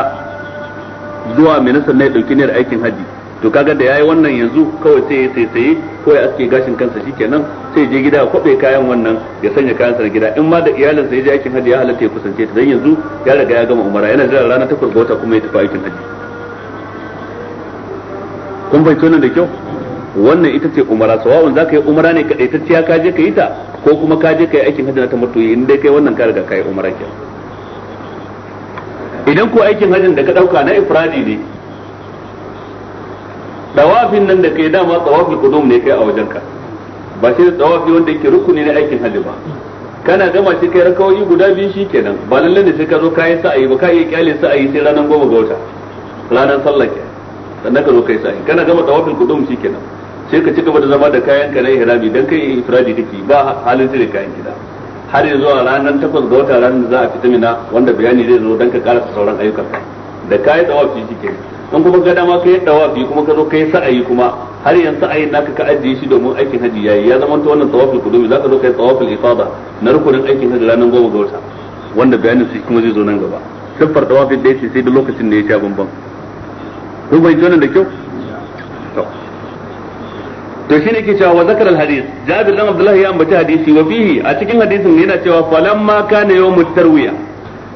zuwa mina sannan ya ɗauki niyyar aikin hajji to kaga da yayi wannan yanzu kawai sai ya saisaye ko ya aske gashin kansa shikenan sai je gida kwabe kayan wannan ya sanya kayan sa gida in ma da iyalin sa ya je aikin hajji ya halatta ya kusance ta dan yanzu ya riga ya gama umara yana jira ranar takwas ga wata kuma ya tafi aikin hajji kun bai tona da kyau wannan ita ce umara sawa'un zaka yi umara ne kadai ta ka je ka yi ta ko kuma ka je ka yi aikin hajji na tamattu in dai kai wannan ka riga ka yi umara kenan idan ko aikin hajjin da ka dauka na ifradi ne tawafin nan da kai dama tawafin kudum ne kai a wajenka ba shi da tawafi wanda yake rukuni ne aikin hajji ba kana gama shi kai rakawoyi guda biyu shi kenan ba lallai ne sai ka zo yi sa'ayi ba ka yi kyale sa'ayi sai ranar goma ga wata ranar sallah ke sannan ka zo kai sa'ayi kana gama tawafin kudum shi kenan sai ka ci gaba da zama da kayan ka na ihrami dan kai ifradi kake ba halin cire kayan gida har yanzu a ranar takwas ga wata ranar za a fita mina wanda bayani zai zo dan ka karasa sauran ayyukan da kayi tawafi shi kenan in kuma ga dama kai tawafi kuma ka zo kai sa'ayi kuma har yanzu sa'ayin naka ka ajiye shi domin aikin haji yayi ya zama to wannan tawaful qudumi zaka zo kai tawaful ifada na rukunin aikin haji ranar goma ga wata wanda bayanin su kuma zai zo nan gaba siffar tawafin da yace sai da lokacin da ya sha bambam. ko bai ji da kyau to shi ne ke cewa wa zakar alhadis hadith Jabir dan Abdullah ya ambaci hadisi wa fihi a cikin hadisin yana cewa falamma kana yawmut tarwiya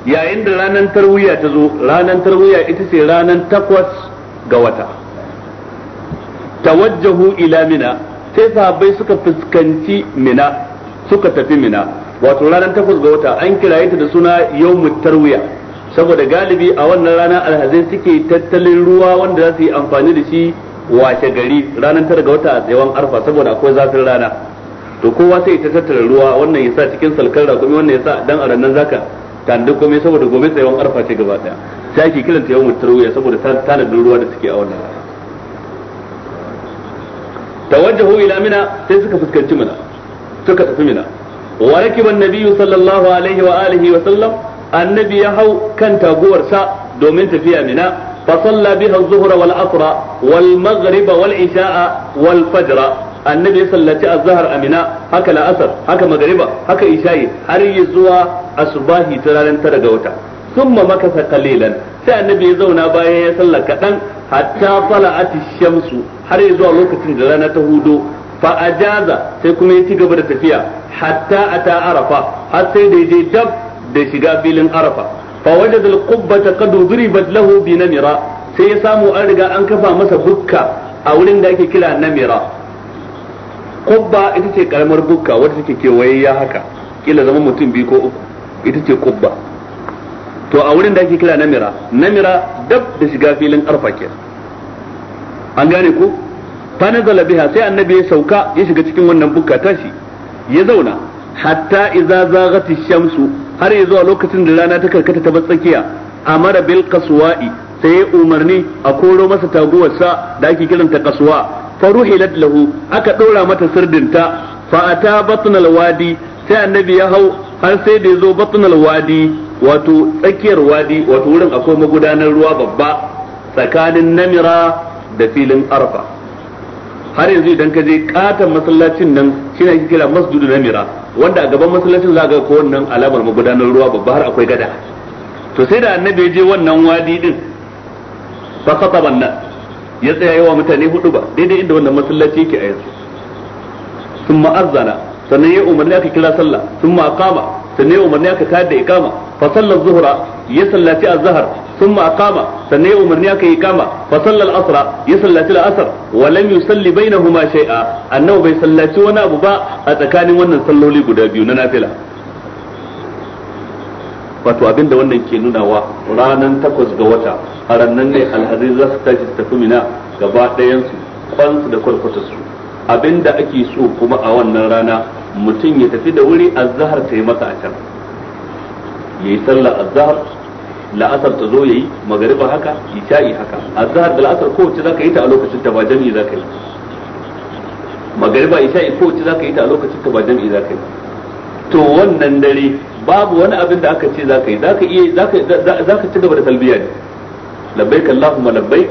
yayin da ranar tarwiya ta zo ranar tarwiya ita ce ranar takwas ga wata tawajjahu ila mina sai sahabbai suka fuskanci mina suka tafi mina wato ranar takwas ga wata an kira ita da suna yawmut tarwiya saboda galibi a wannan rana alhazai suke tattalin ruwa wanda za su yi amfani da shi washe gari ranar tara ga wata a tsawon arfa saboda akwai zafin rana to kowa sai ta tattara ruwa wannan yasa cikin salkar rakumi wannan yasa dan a ranar zaka duk komai saboda gobe tsayawan arfa ce gaba daya sai ake kiranta yawan tarwiya saboda tanadin ruwa da suke a wannan tawajjahu ila mina sai suka fuskanci mina suka tafi mina wa rakiba annabiyyu sallallahu alaihi wa alihi wa sallam annabi ya hau kan sa domin tafiya mina asra wal الظهر wal والمغرب wal والفجر annabi ya sallaci azhar amina haka la'asar haka magariba haka isha'i har ya zuwa asubahi ta ranar tara ga wata summa makasa kalilan sai annabi ya zauna bayan ya salla kaɗan hatta fala'ati shamsu har ya zuwa lokacin da rana ta hudo fa ajaza sai kuma ya ci gaba da tafiya hatta ata arafa har sai da je dab da shiga filin arafa fa wajada al-qubbata qad duribat lahu bi namira sai ya samu an riga an kafa masa bukka a wurin da ake kira namira kubba ita ce karamar bukka wadda take kewaye ya haka kila zama mutum biyu ko uku ita ce kubba to a wurin da ake kira namira namira dab da shiga filin arfa ke an gane ku? fa nazala biha sai annabi ya sauka ya shiga cikin wannan bukka tashi ya zauna hatta idza zaghat shamsu har ya zuwa lokacin da rana ta karkata ta batsakiya amara bil qaswa'i sai ya umarni a koro masa taguwarsa da ake kiranta kasuwa fa ruhi lahu aka dora mata sirdinta fa ata batnal wadi sai annabi ya hau har sai da yazo batnal wadi wato tsakiyar wadi wato wurin akwai magudanar ruwa babba tsakanin namira da filin arfa har yanzu idan ka je katon masallacin nan shine ake kira masjidu namira wanda a gaban masallacin za ga ko wannan alamar magudanar ruwa babba har akwai gada to sai da annabi ya je wannan wadi din fa khataban nas ya tsaya yawa mutane hudu ba daidai inda wannan masallaci yake a yanzu sun ma'azzana sannan ya umarni aka kira sallah sun ma'akama sannan ya umarni aka kayar da ikama fa zuhura ya sallaci azhar sun ma'akama sannan ya umarni aka yi ikama fa sallar asra ya sallaci la'asar asar wa lam yusalli bainahuma shay'a annabi bai sallaci wani abu ba a tsakanin wannan salloli guda biyu na nafila wato abinda wannan ke nunawa ranar takwas ga wata a rannan ne alhazai za su tashi su tafi mina gaba ɗayansu kwansu da kwarkwatarsu abinda ake so kuma a wannan rana mutum ya tafi da wuri a zahar ta yi masa a can ya yi sallah zahar la'asar ta zo ya yi magariba haka isha'i haka a zahar da la'asar kowace za ka yi ta a lokacin ta ba jami'i za ka yi magariba isha'i kowace za ka yi ta a lokacin ta ba jami'i za ka yi to wannan dare babu wani abin da aka ce ka yi zaka iya ci gaba da talbiya ne labbaik allahumma labbaik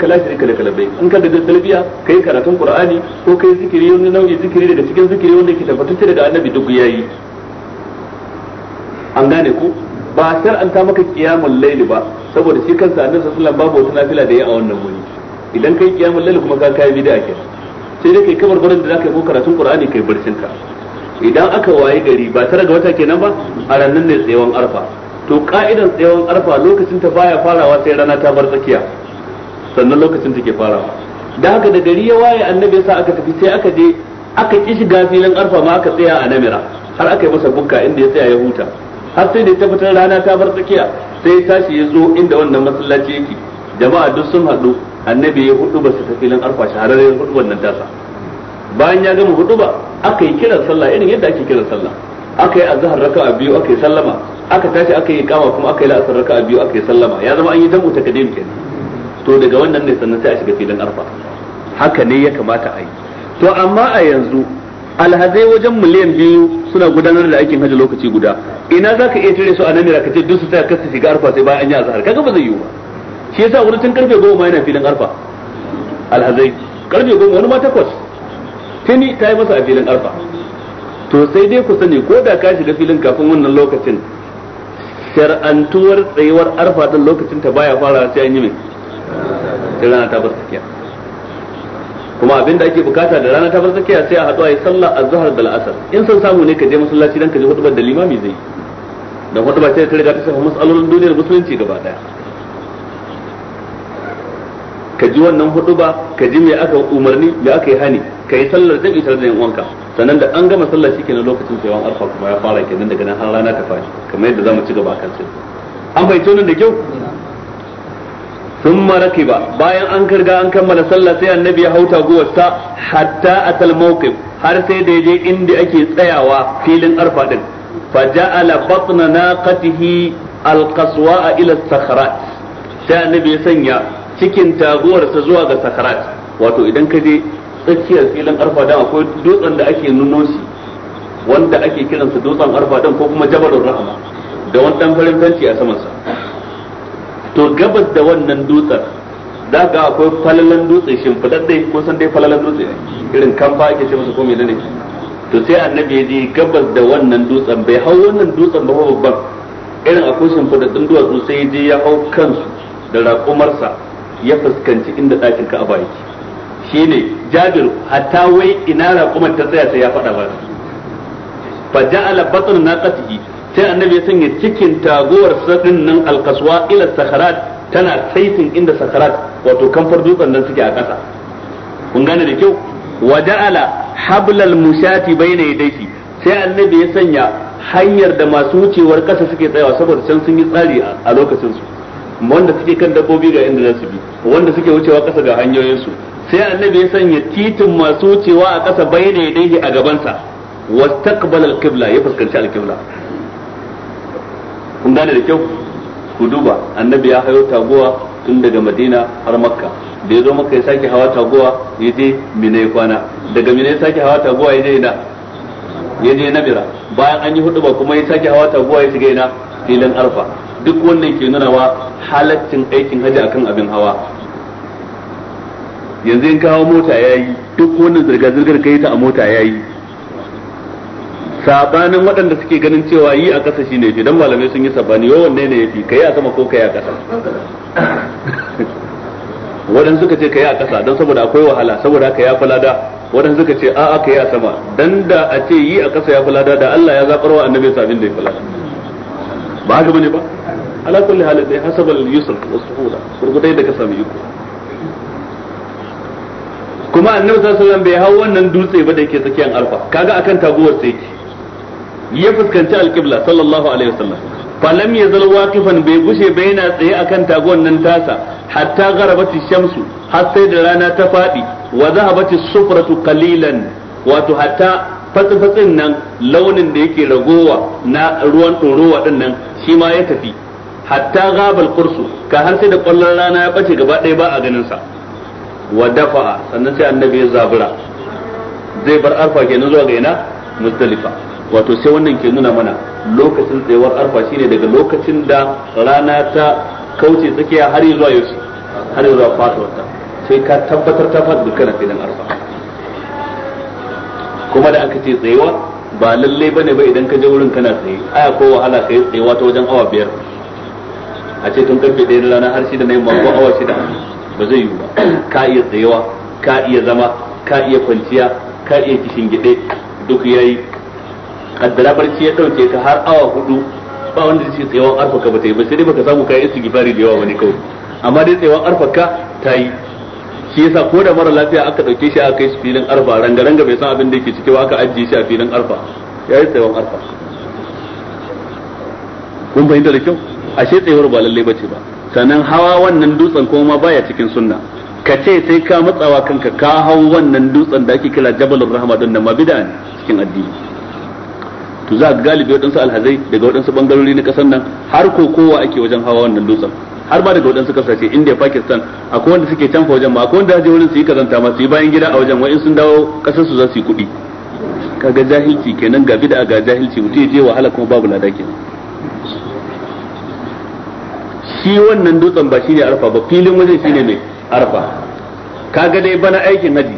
ka la sharika lak labbaik in ka da talbiya yi karatun qur'ani ko kai zikiri wani nau'in zikiri daga cikin zikiri wanda yake tabbatacce daga annabi duk yi. an gane ku ba an ta maka qiyamul layli ba saboda shi kansa annabi sallallahu alaihi wasallam babu wata nafila da ya a wannan wuri idan kai qiyamul layli kuma ka kai bid'a kenan sai dai kai kabar barin da zaka yi ko karatun qur'ani kai barcin ka idan aka wayi gari ba tare ga wata kenan ba a ranar ne tsayawan arfa to ka'idan tsayawan arfa lokacin ta baya farawa sai rana ta bar tsakiya sannan lokacin take farawa da haka da gari ya waye annabi sa aka tafi sai aka je aka ki shiga filin arfa ma aka tsaya a namira har aka yi masa bukka inda ya tsaya ya huta har sai da tabbatar rana ta bar tsakiya sai ya tashi ya zo inda wannan masallaci yake jama'a duk sun haɗu annabi ya hudu ba su tafi filin arfa shahararren hudu wannan tasa bayan ya gama hudu ba aka yi kiran sallah irin yadda ake kiran sallah aka yi azhar raka'a biyu aka yi sallama aka tashi aka yi kama kuma aka yi la'asar raka'a biyu aka yi sallama ya zama an yi jam'u kadim kenan to daga wannan ne sannan sai a shiga filin arfa haka ne ya kamata a yi to amma a yanzu alhazai wajen miliyan biyu suna gudanar da aikin hajji lokaci guda ina zaka iya tare su a nan ne ka ce duk su tsaya kasu shiga arfa sai bayan an yi azhar kaga ba zai yiwu ba shi yasa wani tun karfe goma yana filin arfa alhazai karfe goma wani ma takwas tuni ta yi masa a filin arfa to sai dai ku sani ko da ka shiga filin kafin wannan lokacin shar'antuwar tsayuwar arfa ɗin lokacin ta baya fara sai an yi mai sai rana ta bar tsakiya kuma abin da ake bukata da rana ta bar tsakiya sai a haɗu a yi sallah zuhar da la'asar in san samu ne ka je masallaci dan ka je hutubar da limami zai dan hutuba ce ta riga ta shafa masalolin duniyar musulunci gaba ɗaya ka ji wannan ba ka ji me aka umarni me aka yi hani ka yi sallar da tare da wanka sannan da an gama sallar shi kenan lokacin tsayawan alfa kuma ya fara kenan daga nan har rana ta fashi kamar yadda zamu ci gaba kan sai an bai tonin da kyau Sun maraki ba bayan an karga an kammala sallar sai annabi ya hauta guwarsa hatta a mawqif har sai da ya je inda ake tsayawa filin arfa din faja'ala batna naqatihi a ila sakhrat sai annabi ya sanya cikin taguwarsa zuwa ga sakarat wato idan ka je tsakiyar filin arfadan akwai dutsen da ake nuno shi wanda ake kiransa dutsen arfadan ko kuma jabalun rahama da wani dan farin fenti a samansa to gabas da wannan dutsen da ga akwai falalan dutse shimfidadde ko san dai falalan dutse irin kamfa ake ce masa ko menene to sai annabi ya je gabas da wannan dutsen bai hau wannan dutsen ba babban irin akwai shimfidaddun duwatsu sai ya je ya hau kansu da raƙumarsa ya fuskanci inda ɗakin ka'aba yake shine jabir hatta wai ina raƙumar ta tsaya sai ya faɗa ba fa ja'ala batn naqatihi sai annabi ya sanya cikin tagowar sadin nan alkaswa ila sakharat tana saitin inda sakharat wato kamfar dutsen nan suke a ƙasa kun gane da kyau wa ja'ala hablal mushati bayna yadayhi sai annabi ya sanya hanyar da masu wucewar ƙasa suke tsayawa saboda can sun yi tsari a lokacin su wanda suke kan dabbobi ga inda za su bi wanda suke wucewa kasa ga hanyoyinsu sai annabi ya sanya titin masu wucewa a kasa bai da daidai a gabansa wastaqbala alqibla ya fuskanci alqibla kun gane da kyau ku duba annabi ya hayo taguwa tun daga madina har makka da ya zo maka ya sake hawa taguwa ya je mina kwana daga mina ya sake hawa taguwa ya je ina ya je nabira bayan an yi hudu ba kuma ya sake hawa taguwa ya shiga ina filin arfa duk wannan ke nunawa halaccin aikin haji akan abin hawa yanzu in kawo mota yayi duk wannan zirga zirgar kai ta a mota yayi sabanin waɗanda suke ganin cewa yi a ƙasa shine fi dan malamai sun yi sabani yau wanne ne yafi kai a sama ko kai a ƙasa waɗanda suka ce kai a ƙasa don saboda akwai wahala saboda haka ya falada waɗanda suka ce a'a kai a sama dan da a ce yi a ƙasa ya falada da Allah ya zaɓar wa annabi sabin da ya falada ba haka bane ba ala kulli hal dai hasabal yusr wa suhula surgudai da ka sami yuko kuma annabi sallallahu alaihi wasallam bai hau wannan dutse ba da yake tsakiyar alfa kaga akan taguwar sai yake ya fuskanci alqibla sallallahu alaihi wasallam falam yazal waqifan bai gushe bai yana tsaye akan taguwar nan tasa hatta gharabati shamsu har sai da rana ta fadi wa zahabati sufratu qalilan wato hatta fatsi nan launin da yake ragowa na ruwan ɗorowa ɗin nan shi ma ya tafi hatta gabal kursu ka har sai da kwallon rana ya bace gaba ɗaya ba a ganin sa wa dafa sannan sai annabi ya zabura zai bar arfa kenan zuwa ga ina mustalifa wato sai wannan ke nuna mana lokacin tsayuwar arfa shine daga lokacin da rana ta kauce tsakiya har zuwa yau har zuwa fatuwarta sai ka tabbatar ta fata dukkan filin arfa kuma da aka ce tsayuwa ba lalle bane ba idan ka je wurin kana tsaye aya ko wahala kai tsayuwa ta wajen awa biyar a ce tun karfe ɗaya na rana har shida na yamma ko awa shida ba zai yiwu ba ka iya tsayawa ka iya zama ka iya kwanciya ka iya kishin gide duk yayi kaddara barci ya dauke ka har awa hudu ba wanda zai ce tsayawan arfaka ba ta yi ba sai dai baka samu su gifari da yawa wani kawai amma dai tsayawan arfaka ta yi shi yasa ko da mara lafiya aka dauke shi aka kai shi filin arfa ranga ranga bai san abin da yake ciki ba aka ajiye shi a filin arfa yayi tsayawan arfa kun fahimta da kyau ashe tsayuwar ba lalle bace ba sannan hawa wannan dutsen kuma baya cikin sunna ka ce sai ka matsawa kanka ka hau wannan dutsen da ake kira jabalur rahma din nan ma bid'a ne cikin addini to za ga galibi wadansu alhazai daga wadansu bangarori na kasar nan har ko kowa ake wajen hawa wannan dutsen har ma daga wadansu kasashe India Pakistan akwai wanda suke canfa wajen ma akwai wanda haje wurin su yi kazanta ma su yi bayan gida a wajen wa'in sun dawo kasar su za su yi kuɗi kaga jahilci kenan ga bid'a ga jahilci mutum ya je wahala kuma babu lada kenan shi wannan dutsen ba shine arfa ba filin wajen shine mai arfa kaga dai bana aikin haji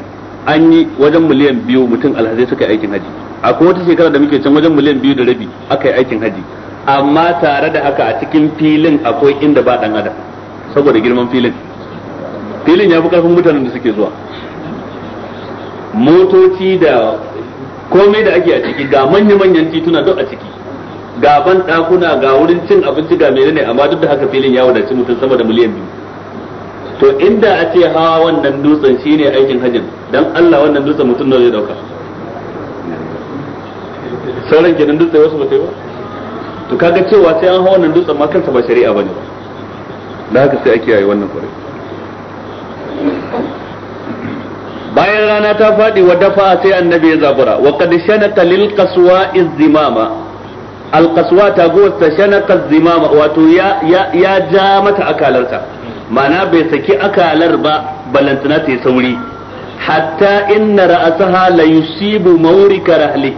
an yi wajen miliyan biyu mutum alhazai suka yi aikin haji akwai wata shekara da muke can wajen miliyan biyu da rabi aka yi aikin haji amma tare da haka a cikin filin akwai inda ba dan adam saboda girman filin filin ya fi karfin mutanen da suke zuwa motoci da komai da ake a ciki ga manya-manyan tituna duk a ciki Gaban ɗakuna ga wurin cin abinci ga menene amma duk da haka filin ya wadaci mutum sama da miliyan biyu to inda a ce hawa wannan dutsen shine aikin hajjin dan Allah wannan dutsen mutum ne zai dauka sauran kenan dutse wasu ba sai ba to kaga cewa sai an hawa wannan dutsen ma kansa ba shari'a bane ba da haka sai ake yayi wannan kwarai bayan rana ta faɗi wa dafa sai annabi ya zabura wa qad shanaka lil qaswa izimama alqaswa taguwarsa shanaka zimama wato ya ya ja mata akalarta, ma'ana bai saki akalar ba balantana ta sauri hatta inna ra'asaha la yusibu mawrika rahli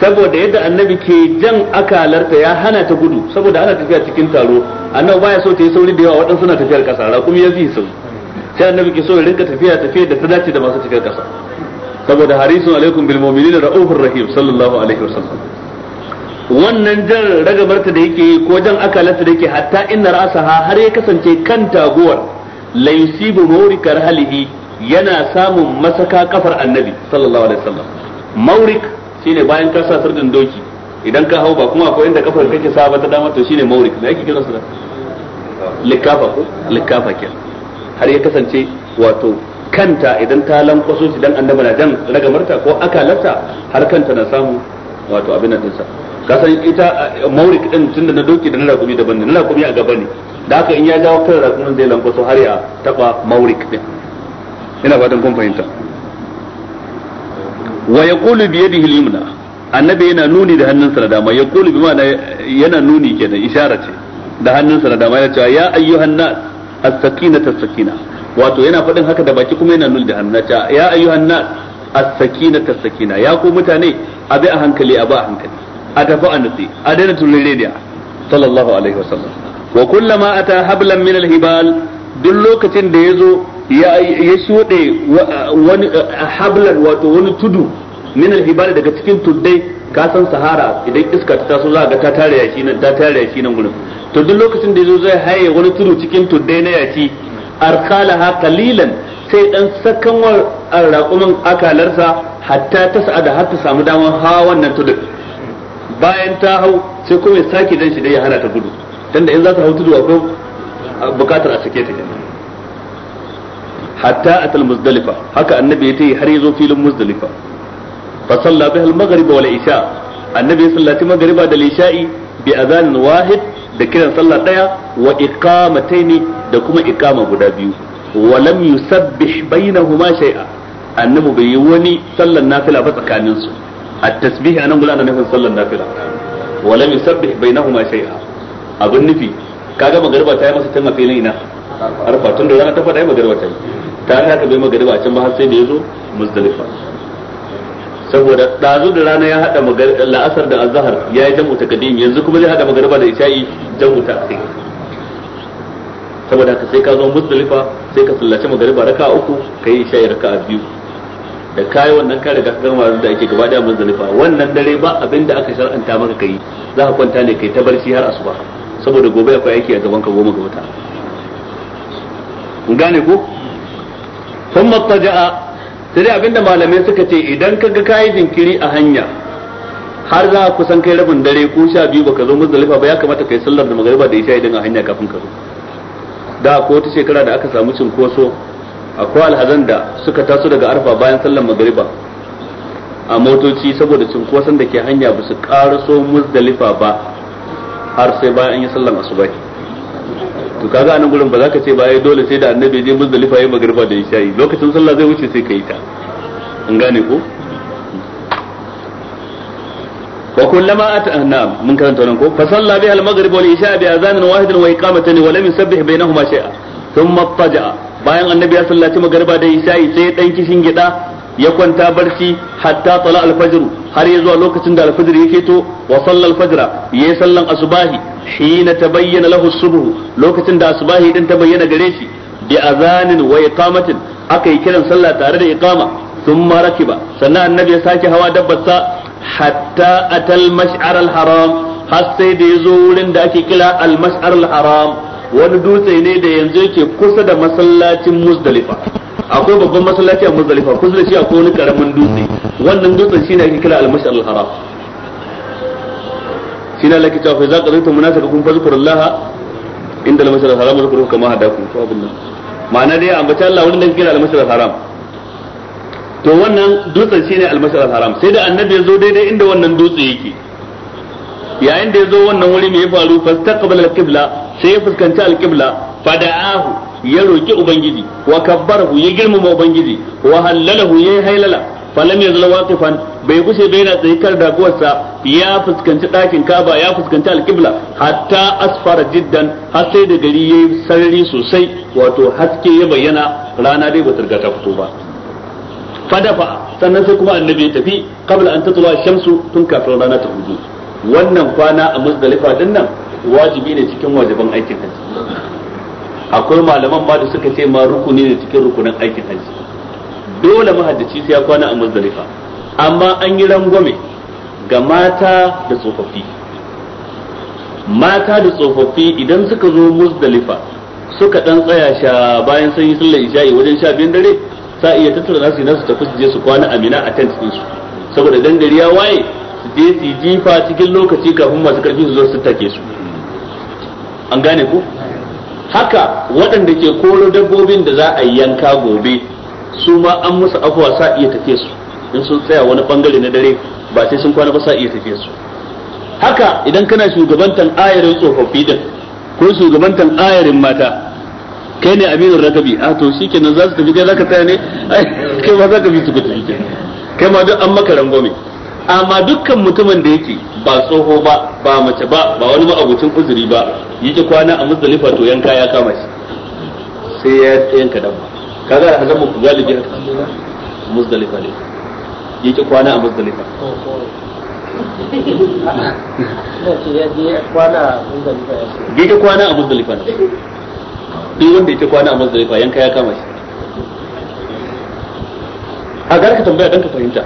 saboda yadda annabi ke jan akalarta ya hana ta gudu saboda ana tafiya cikin taro annabi baya so ta yi sauri da yawa waɗansu na tafiyar ƙasa raƙumi ya fi sauri sai annabi ke so ya rinka tafiya tafiya da ta dace da masu tafiyar ƙasa saboda harisun alaikum bil mu'minina ra'ufur rahim sallallahu alaihi wasallam wannan jan ragamarta da yake yi ko jan akalarta da yake hatta inna ra'saha har ya kasance kan taguwar la yusibu mawrikar halihi yana samun masaka kafar annabi sallallahu alaihi wasallam maurik shine bayan ka sa doki idan ka hau ba kuma akwai inda kafar kake sa ba ta dama to shine maurik me yake da? likafa ko likafa ke har ya kasance wato kanta idan ta lankwaso shi dan annabi na jan ragamarta ko akalarta har kanta na samu wato abin nan sa ka san ita eh, maurik din tunda na doki da na rakumi daban ne na rakumi a gaba ne da haka in ya dawo kan rakumin zai so har ya taba maurik din ina fatan kun fahimta wa yaqulu bi yadihi al-yumna annabi yana nuni da hannunsa na dama yaqulu bi ma'ana eh, yana nuni kenan isharar ce da hannunsa na dama yana cewa ya ayyuhan nas as-sakinata as-sakina wato yana faɗin haka da baki kuma yana nuni da hannun ya ayyuhan nas as-sakinata as-sakina ya ku mutane abi a hankali abi a hankali a tafi a nutsi a daina turereniya sallallahu alaihi wasallam wa kullama ata hablan min alhibal hibal duk lokacin da yazo ya shode wani hablan wato wani tudu min alhibal hibal daga cikin tuddai ka san sahara idan iska ta taso za ga ta tare yashi nan ta tare yashi nan gurin to duk lokacin da yazo zai haye wani tudu cikin tuddai na yashi arkalaha qalilan sai dan sakanwar raƙumin akalarsa hatta ta sa'ada har ta samu damar hawa wannan tudu bayan ta hau sai kuma ya sake dan shi dai ya hana ta gudu dan in za ta hau tudu akwai bukatar a sake ta hatta atal muzdalifa haka annabi ya tayi har ya zo filin muzdalifa fa salla biha al maghrib wal isha annabi ya sallati maghriba da isha'i bi adhan wahid da kiran sallah daya wa iqamataini da kuma iqama guda biyu wa lam yusabbih bainahuma shay'a annabi bai yi wani sallar nafila ba tsakaninsu su التسبيح tasbih anan gula na nufin sallar nafila يسبح بينهما yusabbih bainahuma shay'a abin nufi kaga magarba ta yi masa tun a filin ina arfa tun da rana ta faɗa magarba ta yi ta haka bai a can ba har sai saboda ɗazu da rana ya haɗa la'asar da azhar ya yi jam'u takadim yanzu kuma zai haɗa magariba da isha'i jam'u ta asiri saboda haka sai ka zo musdalifa sai ka sallaci magariba raka uku ka yi isha'i raka biyu da kai wannan ka riga ka gama da ake gaba da muzdalifa wannan dare ba abin da aka shar'anta maka kai za ka kwanta ne kai ta barci har asuba saboda gobe akwai aiki a gaban ka goma ga wata gane ko thumma taja'a sai dai abinda malamai suka ce idan ka ga kayi jinkiri a hanya har za ka kusan kai rabin dare ko sha biyu baka zo muzdalifa ba ya kamata kai sallar da magariba da isha idan a hanya kafin ka zo da ko wata shekara da aka samu cinkoso akwai alhazan da suka taso daga arfa bayan sallar magariba a motoci saboda cinkoson da ke hanya ba su karaso muzdalifa ba har sai bayan an yi sallar asuba to kaga anan gurin ba za ka ce ba dole sai da annabi je muzdalifa yayi magariba da yi lokacin sallah zai wuce sai ka yi ta an gane ko wa kullama atana ah, mun karanta nan ko fa salla biha al-maghrib wal isha bi azan wahid wa iqamatan wa lam yusabbih bainahuma shay'a thumma taja'a bayan annabi ya sallaci magarba da isha'i sai ya dan kishin gida ya kwanta barci hatta tsala alfajr har ya zuwa lokacin da alfajr yake to wa salla alfajra ya sallan asbahi hina tabayyana lahu subhu lokacin da asbahi din ta bayyana gare shi bi azanin wa iqamatin aka yi kiran sallah tare da iqama thumma ba sannan annabi ya sake hawa dabbarsa hatta atal mash'ar al haram har sai da ya zo wurin da ake kira al mash'ar al haram wani dutse ne da yanzu yake kusa da masallacin muzdalifa akwai babban masallaci a muzdalifa kusa da shi akwai wani karamin dutse wannan dutsen shine ake kira al-mashal al-haram shine Allah ke cewa fa za ka zanta munafika kun Allah inda al-mashal al-haram zakuru kama ku to abin ma'ana dai ambaci Allah wani dan kira al-mashal al-haram to wannan dutsen shine al-mashal al-haram sai da annabi ya zo daidai inda wannan dutse yake yayin da ya zo wannan wuri mai faru fastaqbala al-qibla sai ya fuskanci al-qibla fada'ahu ya roki ubangiji wa kabbarahu ya girmama ubangiji wa halalahu ya haylala falam yazal waqifan bai gushe bai na tsaye kar daguwarsa ya fuskanci ɗakin kaba ya fuskanci alƙibla hatta asfara jiddan har sai da gari ya yi sarari sosai wato haske ya bayyana rana dai ba ta fito ba fadafa sannan sai kuma annabi ya tafi kabla an tatsuwa shamsu tun kafin rana ta hudu wannan kwana a muzdalifa din nan wajibi ne cikin wajiban aikin haji akwai malaman ma da suka ce ma rukuni ne cikin rukunin aikin haji dole mahaddaci sai ya kwana a muzdalifa amma an yi rangwame ga mata da tsofaffi mata da tsofaffi idan suka zo muzdalifa suka dan tsaya sha bayan sun yi sallar isha'i wajen sha biyan dare sa iya tattara nasu nasu tafi su je su kwana a mina a tent din su saboda dan gari ya waye su je su jifa cikin lokaci kafin masu karfi su zo su take su an gane ku haka waɗanda ke koro dabbobin da za a yi yanka gobe su ma an musu afuwa sa iya tafiye su in sun tsaya wani bangare na dare ba sai sun kwana ba sa iya tafiye su haka idan kana shugabantan ayarin tsofaffi din ko shugabantan ayarin mata kai ne aminin rakabi a ah, to shi kenan za su tafi kai za ka tsaya ne kai ma za ka fi su ka tafi kai ma duk an maka rangwame amma dukkan mutumin da yake ba tsoho ba ba mace ba ba wani ma'abucin uzuri ba yake kwana a muzdalifa to yanka ya kama shi sai ya yanka dabba kaga hazan mu galibi haka muzdalifa ne yake kwana a muzdalifa yake kwana a muzdalifa ne duk wanda yake kwana a muzdalifa yanka ya kama shi a gara ka tambaya dan ka fahimta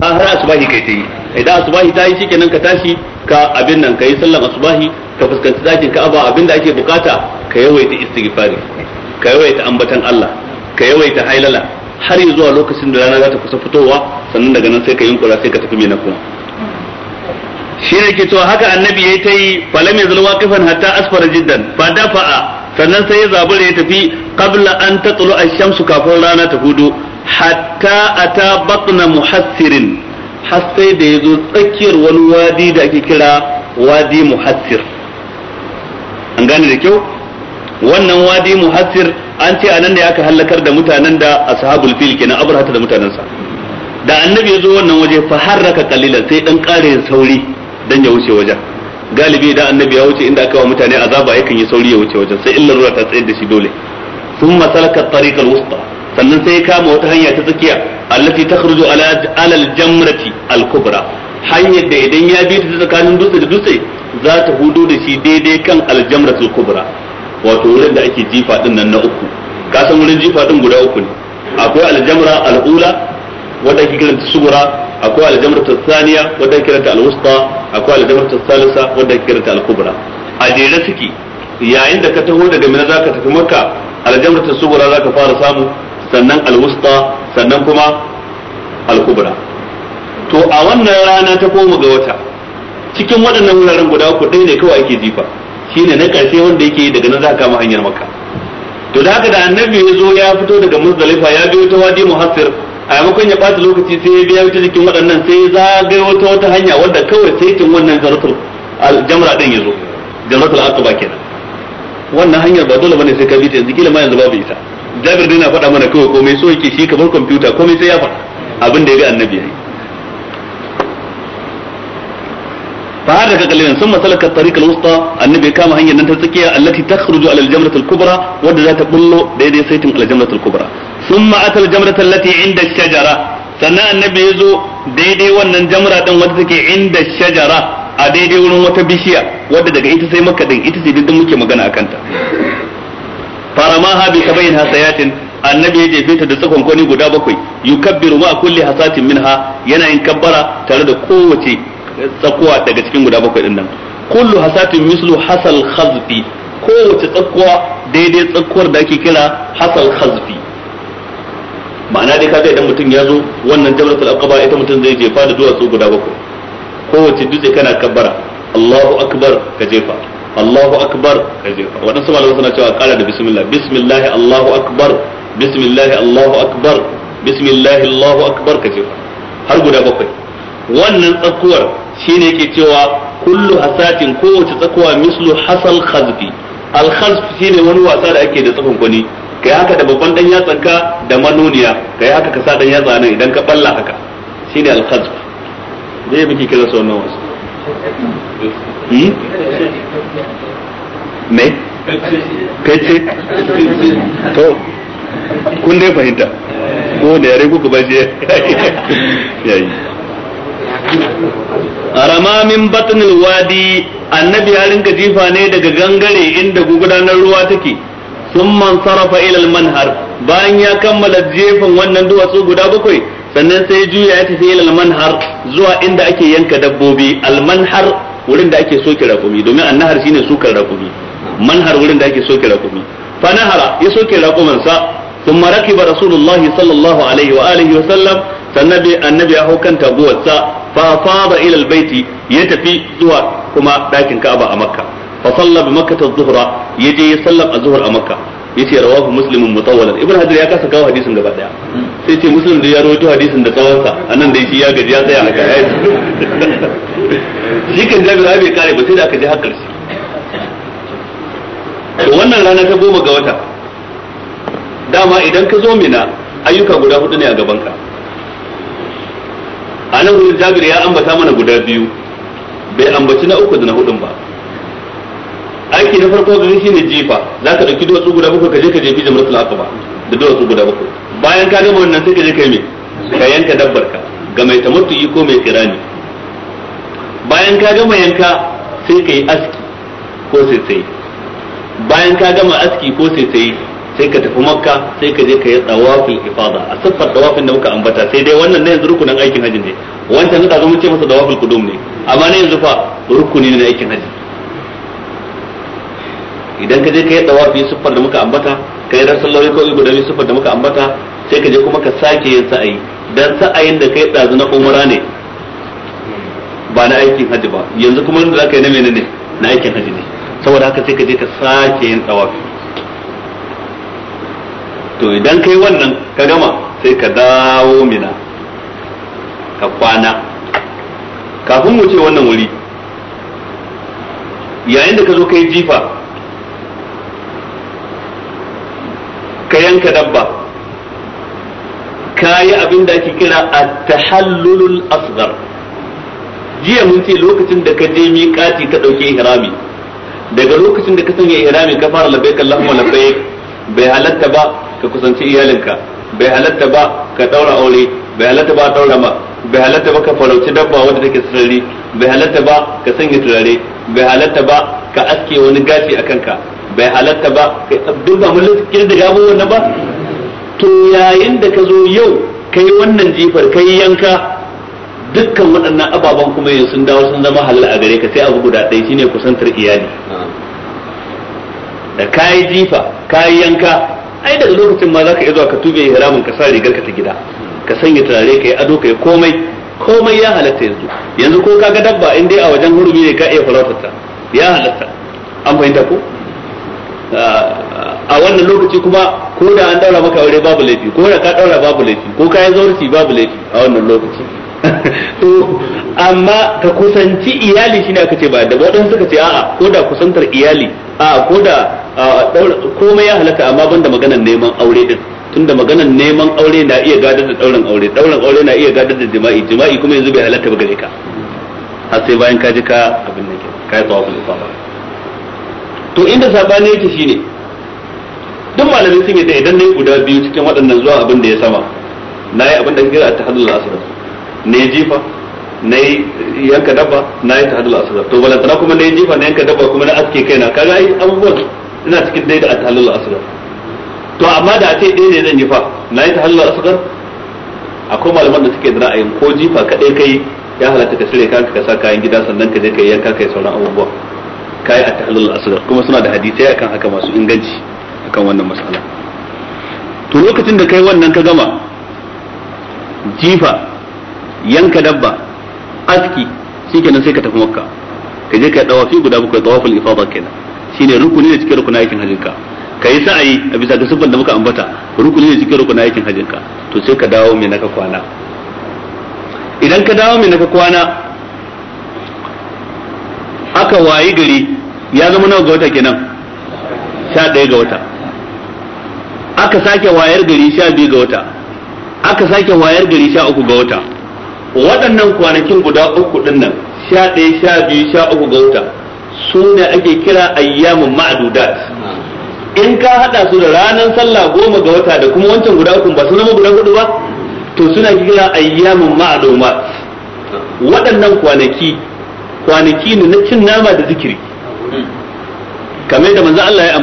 a har asubahi kai ta yi idan asubahi ta yi shikenan ka tashi ka abin nan ka yi sallan asubahi ka fuskanci ka ka'aba abin da ake bukata ka yawaita istighfari ka yawaita ambatan Allah ka yawaita hailala har yi zuwa lokacin da rana za ta kusa fitowa sannan daga nan sai ka yunkura sai ka tafi mai na kuma shi ne ke cewa haka annabi ya ta yi falam ya zalwa kafan hatta asfara jiddan fa dafa'a sannan sai ya zabura ya tafi qabla an tatlu a shamsu kafin rana ta hudu hatta ata batna muhassirin har sai da ya zo tsakiyar wani wadi da ake kira wadi muhassir an gane da kyau wannan wadi muhassir an ce anan ne aka halakar da mutanen da ashabul fil kenan abrahata da mutanensa da annabi ya zo wannan waje fa harraka qalilan sai dan kare sauri dan ya wuce wajen galibi idan annabi ya wuce inda aka wa mutane azaba yakan yi sauri ya wuce wajen sai illa ruwa ta tsayar da shi dole sun masalaka tariqal wusta sannan sai ya kama wata hanya ta tsakiya allati takhruju ala alal jamrati al kubra hanyar da idan ya bi ta tsakanin dutse da dutse za ta hudo da shi daidai kan al kubra wato wurin da ake jifa din nan na uku ka san wurin jifa din guda uku ne akwai aljamra jamra al ake kiranta sugura akwai aljamratu thaniya wadda kira kiranta alwusta akwai aljamratu salisa wadda kira kiranta alkubra a jere suke yayin da ka taho daga mina zaka tafi makka aljamratu sugura zaka fara samu sannan alwusta sannan kuma alkubra to a wannan rana ta koma ga wata cikin waɗannan wuraren guda uku ɗaya ne kawai ake jifa shine na ƙarshe wanda yake daga nan zaka kama hanyar makka to da haka da annabi ya zo ya fito daga muzdalifa ya biyo ta wadi muhassir a maimakon ya bata lokaci sai ya biya wuce jikin waɗannan sai ya zagaye wata wata hanya wadda kawai saitin wannan jaratul aljamra ɗin ya zo jaratul aqaba kenan wannan hanyar ba dole bane sai ka bita ta yanzu kila ma yanzu babu ita jabir dai na faɗa mana kawai komai so yake shi kamar kwamfuta komai sai ya faɗa abin da ya ga annabi yayi فهذا قليلا ثم سلك الطريق الوسطى النبي كام هي ننت تسكيا التي تخرج على الجمرة الكبرى ودي ذات بلو دي دي سيتم على الجمرة الكبرى ثم أتى الجمرة التي عند الشجرة سنة النبي يزو دي دي ونن جمرة دن ودي عند الشجرة a daidai wurin wata bishiya wadda daga ita sai makka din ita ce dindin muke magana a kanta faramaha bi sabayin sayacin annabi ya jefe ta da tsakon kwani guda bakwai yukabbiru ma kulli hasatin minha yana yin kabbara tare da kowace tsakuwa daga cikin guda bakwai din nan kullu hasatin mislu hasal khazfi kowace tsakuwa daidai tsakuwar da ake kira hasal khazfi ma'ana dai kaga idan mutum ya zo wannan jabratul aqaba ita mutum zai jefa da duwatsu guda bakwai kowace dutse kana kabbara Allahu akbar ka jefa Allahu akbar ka jefa wadansu malamai suna cewa kara da bismillah bismillah Allahu akbar bismillah Allahu akbar bismillah Allahu akbar ka jefa har guda bakwai wannan tsakuwar shine yake cewa kullu hasatin kowace tsakuwa mislu hasal khazfi al khazfi shine wani wasa da ake da tsakon gwani kai haka da babban dan yatsanka da manoniya kai haka ka sa dan yatsa nan idan ka balla haka shine al khazf zai miki kira sau nawa me kace hmm? to kun dai fahimta ko da yare kuka ba shi yayi ramamin min batnil wadi annabi ya rinka jifa ne daga gangare inda gudanar ruwa take sun man sarrafa ilal manhar bayan ya kammala jefin wannan duwatsu guda bakwai sannan sai juya ya tafi ilal manhar zuwa inda ake yanka dabbobi al manhar wurin da ake soke rakumi domin annahar shine sukar rakumi manhar wurin da ake soke rakumi fa nahara ya soke rakuman sa thumma rakiba rasulullahi sallallahu alaihi wa alihi wa sallam sannan annabi ya hau kan taguwarsa fa fada ila albayti ya tafi zuwa kuma dakin Ka'aba a Makka fa salla bi Makka az-zuhra yaje ya sallam az-zuhr a Makka yace rawahu muslimun mutawwalan ibnu hajar ya kasa kawo hadisin gaba daya sai ce muslim da ya rawaito hadisin da tsawansa anan da shi ya gaji ya tsaya haka shi kan jabir bai kare ba sai da aka ji hakar shi to wannan rana ta goma ga wata dama idan ka zo mina ayyuka guda hudu ne a gaban ka a nan wurin jabir ya ambata mana guda biyu bai ambaci na uku da na hudun ba aiki na farko ga shi ne jifa za ka ɗauki duwatsu guda bakwai ka je ka jefi jamratul aqaba da duwatsu guda bakwai bayan ka gama wannan sai ka je kai me ka yanka dabbar ka ga mai tamattu'i ko mai kirani bayan ka gama yanka sai ka yi aski ko sai sai bayan ka gama aski ko sai sai sai ka tafi makka sai ka je ka yi tawaful ifada a tsaffar tawafin da muka ambata sai dai wannan ne yanzu rukunin aikin hajji ne wancan da zama ce masa tawaful kudum ne amma ne yanzu fa rukuni ne na aikin hajji idan ka je ka yi tawafi siffar da muka ambata ka yi rasalloli ko guda biyu siffar da muka ambata sai ka je kuma ka sake yin sa'ayi dan sa'ayin da kai dazu na umra ne ba na aikin hajji ba yanzu kuma da zaka yi na menene na aikin hajji ne saboda haka sai ka je ka sake yin tawafi to idan kai wannan ka gama sai ka dawo mina ka kwana kafin mu ce wannan wuri yayin da ka zo ka yi jifa ka yanka dabba ka yi abin da ake kira a tahallulul asgar jiya mun ce lokacin da ka je miƙati ka ɗauke ihrami daga lokacin da ka sanya hirami ka fara labbaik Allahumma labbaik bai halatta ba ka kusanci iyalinka bai halatta ba ka daura aure bai halatta ba daura ma bai halatta ba ka farauci dabba wanda take sarari bai halatta ba ka sanya turare bai halatta ba ka aske wani gashi a kanka bai halatta ba ka duk ba mun da gabo wannan ba to yayin da ka zo yau kai wannan jifar kai yanka dukkan waɗannan ababen kuma yin sun dawo sun zama halal a gare ka sai abu guda ɗaya shine kusantar iyali da kayi jifa kayi yanka ai daga lokacin ma zaka iya zuwa ka tube ihramin ka sa rigar ka ta gida ka sanya turare ka yi ado ka yi komai komai ya halatta yanzu yanzu ko kaga dabba in dai a wajen hurumi ne ka iya farautarta ya halatta an fahimta ko ah, a wannan lokaci kuma ko da an daura maka aure babu laifi ko da ka daura babu laifi ko ka yi zaurci babu laifi a wannan lokaci amma ka kusanci iyali shine aka ce ba da wadansu suka ce a'a ko da kusantar iyali a'a ko da komai ya halatta amma ban da maganar neman aure din tunda maganar neman aure na iya gadar da dauran aure dauran aure na iya gadar da jima'i jima'i kuma yanzu bai halatta ba gare ka har sai bayan ka ji ka abin da ka yi tsawafin ifama to inda sabani yake shine duk malamai sun yi da idan yi guda biyu cikin waɗannan zuwa abin da ya sama na yi abin da kira ta da asirin. na yi jifa na yi yanka dabba na yi tahallul asghar to balantana kuma na yi jifa na yanka dabba kuma na aske kaina kaga ai abubuwan ina cikin dai da tahallul asghar to amma da a ce ɗaya ne zan yi fa na yi tahallul asghar akwai malaman da suke da ra'ayin ko jifa kadai kai ya halatta ka cire kanka ka sa kayan gida sannan ka je ka yanka kai sauran abubuwa kai a tahallul asghar kuma suna da hadisai akan haka masu inganci akan wannan masala to lokacin da kai wannan ka gama jifa yanka dabba aski shikenan sai ka tafi makka ka je ka yi dawafi guda bakwai tawaful ifada kenan shine rukuni da cikin rukunin aikin hajjinka ka yi sa'ayi a bisa ga siffar da muka ambata rukuni da cikin rukunin aikin hajjinka to sai ka dawo mai naka kwana idan ka dawo mai naka kwana aka wayi gari ya zama nawa ga wata kenan sha ɗaya ga wata aka sake wayar gari sha biyu ga wata aka sake wayar gari sha uku ga wata waɗannan kwanakin guda uku ɗin nan sha ɗaya sha biyu sha uku ga wuta, su ne ake kira ayyamin ma'adudat in ka haɗa su da ranar sallah goma ga wata da kuma wancan guda uku ba su zama guda hudu ba to suna kira ayyamin ma'adumat waɗannan kwanaki kwanaki ne na cin nama da zikiri kamar da manzo Allah ya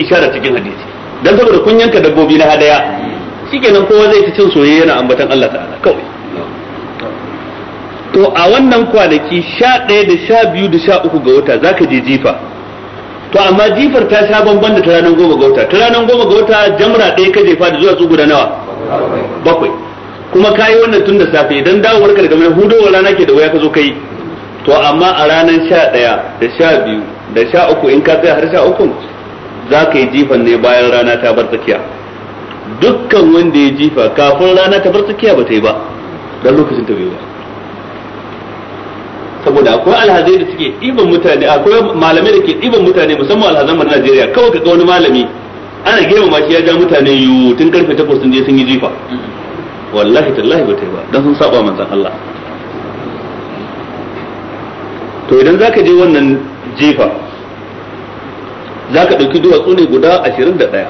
isharar cikin hadisi dan saboda kun yanka dabbobi na hadaya shikenan kowa zai ci cin soyayya na ambatan Allah ta'ala kawai to a wannan kwanaki sha ɗaya da sha biyu da sha uku ga wata za ka je jifa to amma jifar ta sha bamban da ta ranar goma ga wata ta ranar goma ga wata jamra ɗaya ka jefa da zuwa su guda nawa bakwai kuma ka yi wannan tun da safe idan dawowar ka daga mai hudowar rana ke da waya ka zo ka yi to amma a ranar sha ɗaya da sha biyu da sha uku in ka tsaya har sha uku za ka yi jifan ne bayan rana ta bar tsakiya dukkan wanda ya jifa kafin rana ta bar tsakiya ba ta yi ba dan lokacin ta bai ba saboda akwai alhazai da suke ɗiban mutane akwai malamai da ke ɗiban mutane musamman alhazan na Najeriya kawai ka ga wani malami ana girmama shi ya ja mutane yu tun karfe 8 sun je sun yi jifa wallahi tallahi ba ta yi ba dan sun saba manzon Allah to idan zaka je wannan jifa zaka dauki duwatsu ne guda 21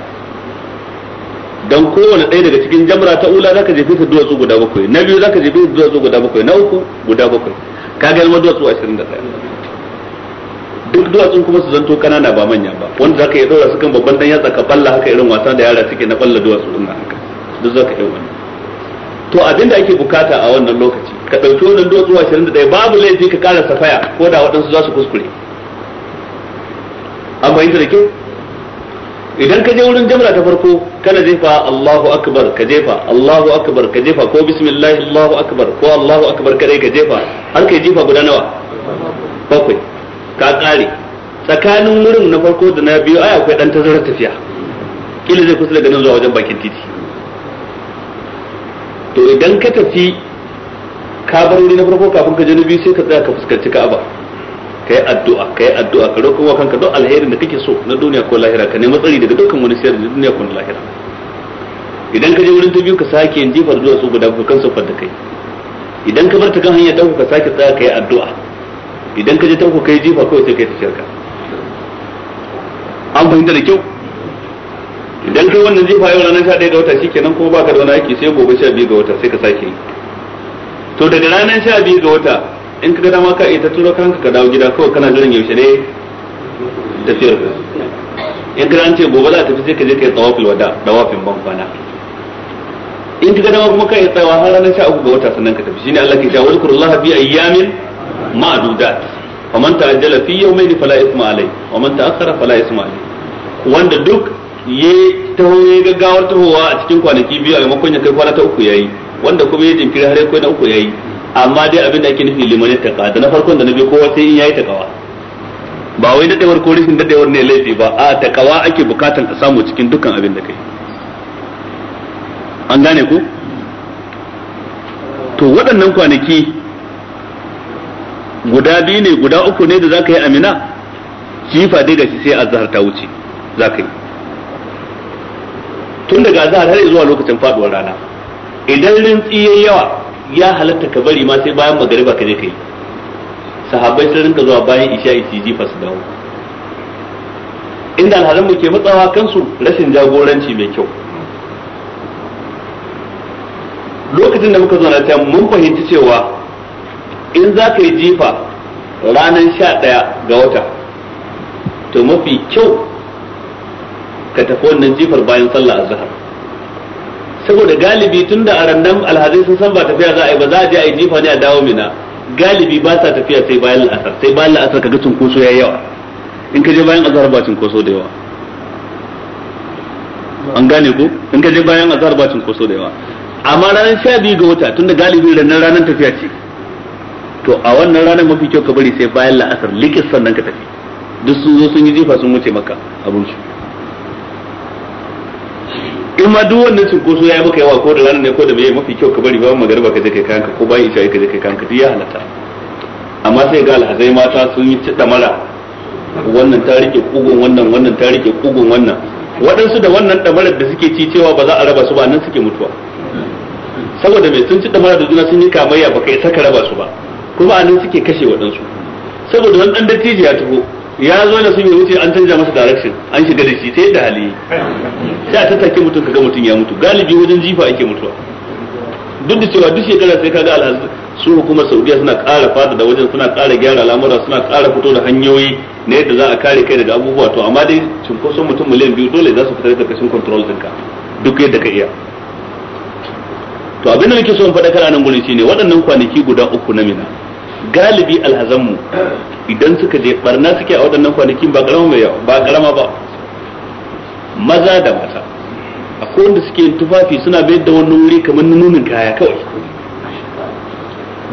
dan kowane ɗaya daga cikin jamra ta ula zaka jefe ta duwatsu guda bakwai na biyu zaka jefe ta duwatsu guda bakwai na uku guda bakwai Ka ga yalma duwatsu 21 duk duwatsun kuma su zanto kanana ba manya ba wanda zaka iya dora su kan babban dan yatsa ka balla haka irin wasa da yara suke na balla duwatsu din haka duk zaka iya wannan to abin da ake bukata a wannan lokaci ka dauki wannan duwatsu 21 babu laifi ka kara safaya ko da waɗansu za su kuskure an fahimta da kyau idan ka je wurin jamra ta farko kana jefa Allahu akbar ka jefa Allahu akbar ka jefa ko bismillah Allahu akbar ko Allahu akbar kadai ka jefa har kai jefa guda nawa bakwai ka kare tsakanin wurin na farko da na biyu ai akwai dan tazarar tafiya kila zai kusa daga nan zuwa wajen bakin titi to idan ka tafi ka bar wuri na farko kafin ka je na biyu sai ka tsaya ka fuskanci Ka'aba kai addu'a kai addu'a ka roƙo kanka duk alherin da kake so na duniya ko lahira ka nemi tsari daga dukkan wani sirri na duniya ko na lahira idan ka je wurin ta biyu ka sake yin jifar zuwa su guda kan sufar da kai idan ka bar ta kan hanya ta ka sake tsaya kai addu'a idan ka je ta kai jifa kawai sai kai ta shirka an fahimta da kyau idan kai wannan jifa yau ranar ɗaya ga wata shikenan kuma baka da wani aiki sai gobe 12 ga wata sai ka sake yi to daga ranar 12 ga wata in ka ga dama ka iya ta turo kanka ka dawo gida kawai kana jiran yaushe ne tafiyar ka in ka ce gobe za ta tafi sai ka je ka yi tsawafin wada dawafin ban kwana in ka ga dama kuma ka yi tsayawa har ranar sha uku ga wata sannan ka tafi shine Allah ke cewa wazkurullah bi ayyamin ma'dudat man ta'ajjala fi yawmayn fala isma alai man ta'akhkhara fala isma alai wanda duk ye ta hoye gaggawar tahowa a cikin kwanaki biyu a maimakon ya kai kwana ta uku yayi wanda kuma ya jinkiri har ya kai na uku yayi amma dai abin da ake nufi liman ya taka da na farkon da na biyu kowa sai in yayi takawa ba wai dadewar ko rashin dadewar ne laifi ba a takawa ake bukatan ka samu cikin dukkan abin da kai an gane ku to waɗannan kwanaki guda biyu ne guda uku ne da za ka yi amina jifa dai gashi sai azhar ta wuce za ka yi tun daga azhar har zuwa lokacin faduwar rana idan rintsi yayi yawa ya halatta ka bari ma sai bayan magariba ka je kai sahabbai sun rinka zuwa bayan isha isi jifa su dawo inda alhazan mu ke matsawa kansu rashin jagoranci mai kyau lokacin da muka zauna can mun fahimci cewa in za ka yi jifa ranar sha ɗaya ga wata to mafi kyau ka tafi wannan jifar bayan sallah azhar saboda galibi tun da arannan alhazai sun san ba tafiya za a yi ba za a je a yi jifa ne a dawo mina galibi ba sa tafiya sai bayan la'asar sai bayan la'asar ka ga cunkoso ya yawa in ka je bayan azhar ba cunkoso da yawa an gane ku in ka je bayan azhar ba cunkoso da yawa amma ranar sha biyu ga wata tun da galibi rannan ranar tafiya ce to a wannan ranar mafi kyau ka bari sai bayan la'asar likis sannan ka tafi duk sun zo sun yi jifa sun wuce maka abin su in ma duk wannan cinkoso ya yi maka yawa ko da ranar ne ko da bai mafi kyau ka bari bayan magariba ka je kai kayanka ko bayan isha ka je kai kayanka duk ya halatta amma sai ga alhazai mata sun yi cida mara wannan ta rike kugun wannan wannan ta rike kugun wannan waɗansu da wannan damarar da suke ci cewa ba za a raba su ba nan suke mutuwa saboda mai sun ci damara da juna sun yi kamayya ba kai saka raba su ba kuma a nan suke kashe waɗansu saboda wani ɗan dattijo ya taho ya zo da sun yi wuce an canja masa direction an shiga da shi sai da hali sai a tattake mutum kaga mutum ya mutu galibi wajen jifa ake mutuwa duk da cewa duk shekara sai kaga alhazi su hukumar saudiya suna ƙara fada da wajen suna ƙara gyara lamura suna ƙara fito da hanyoyi na yadda za a kare kai daga abubuwa to amma dai cunkoson mutum miliyan biyu dole za su fita daga kashin control ɗinka duk yadda ka iya to abin da nake so in faɗa kana nan gurin shine waɗannan kwanaki guda uku na mina galibi alhazanmu idan suka je barna suke a waɗannan kwanakin ba ƙarama mai yawa ba ƙarama ba maza da mata ko wanda suke yin tufafi suna bayar da wannan wuri kamar nunin kaya kawai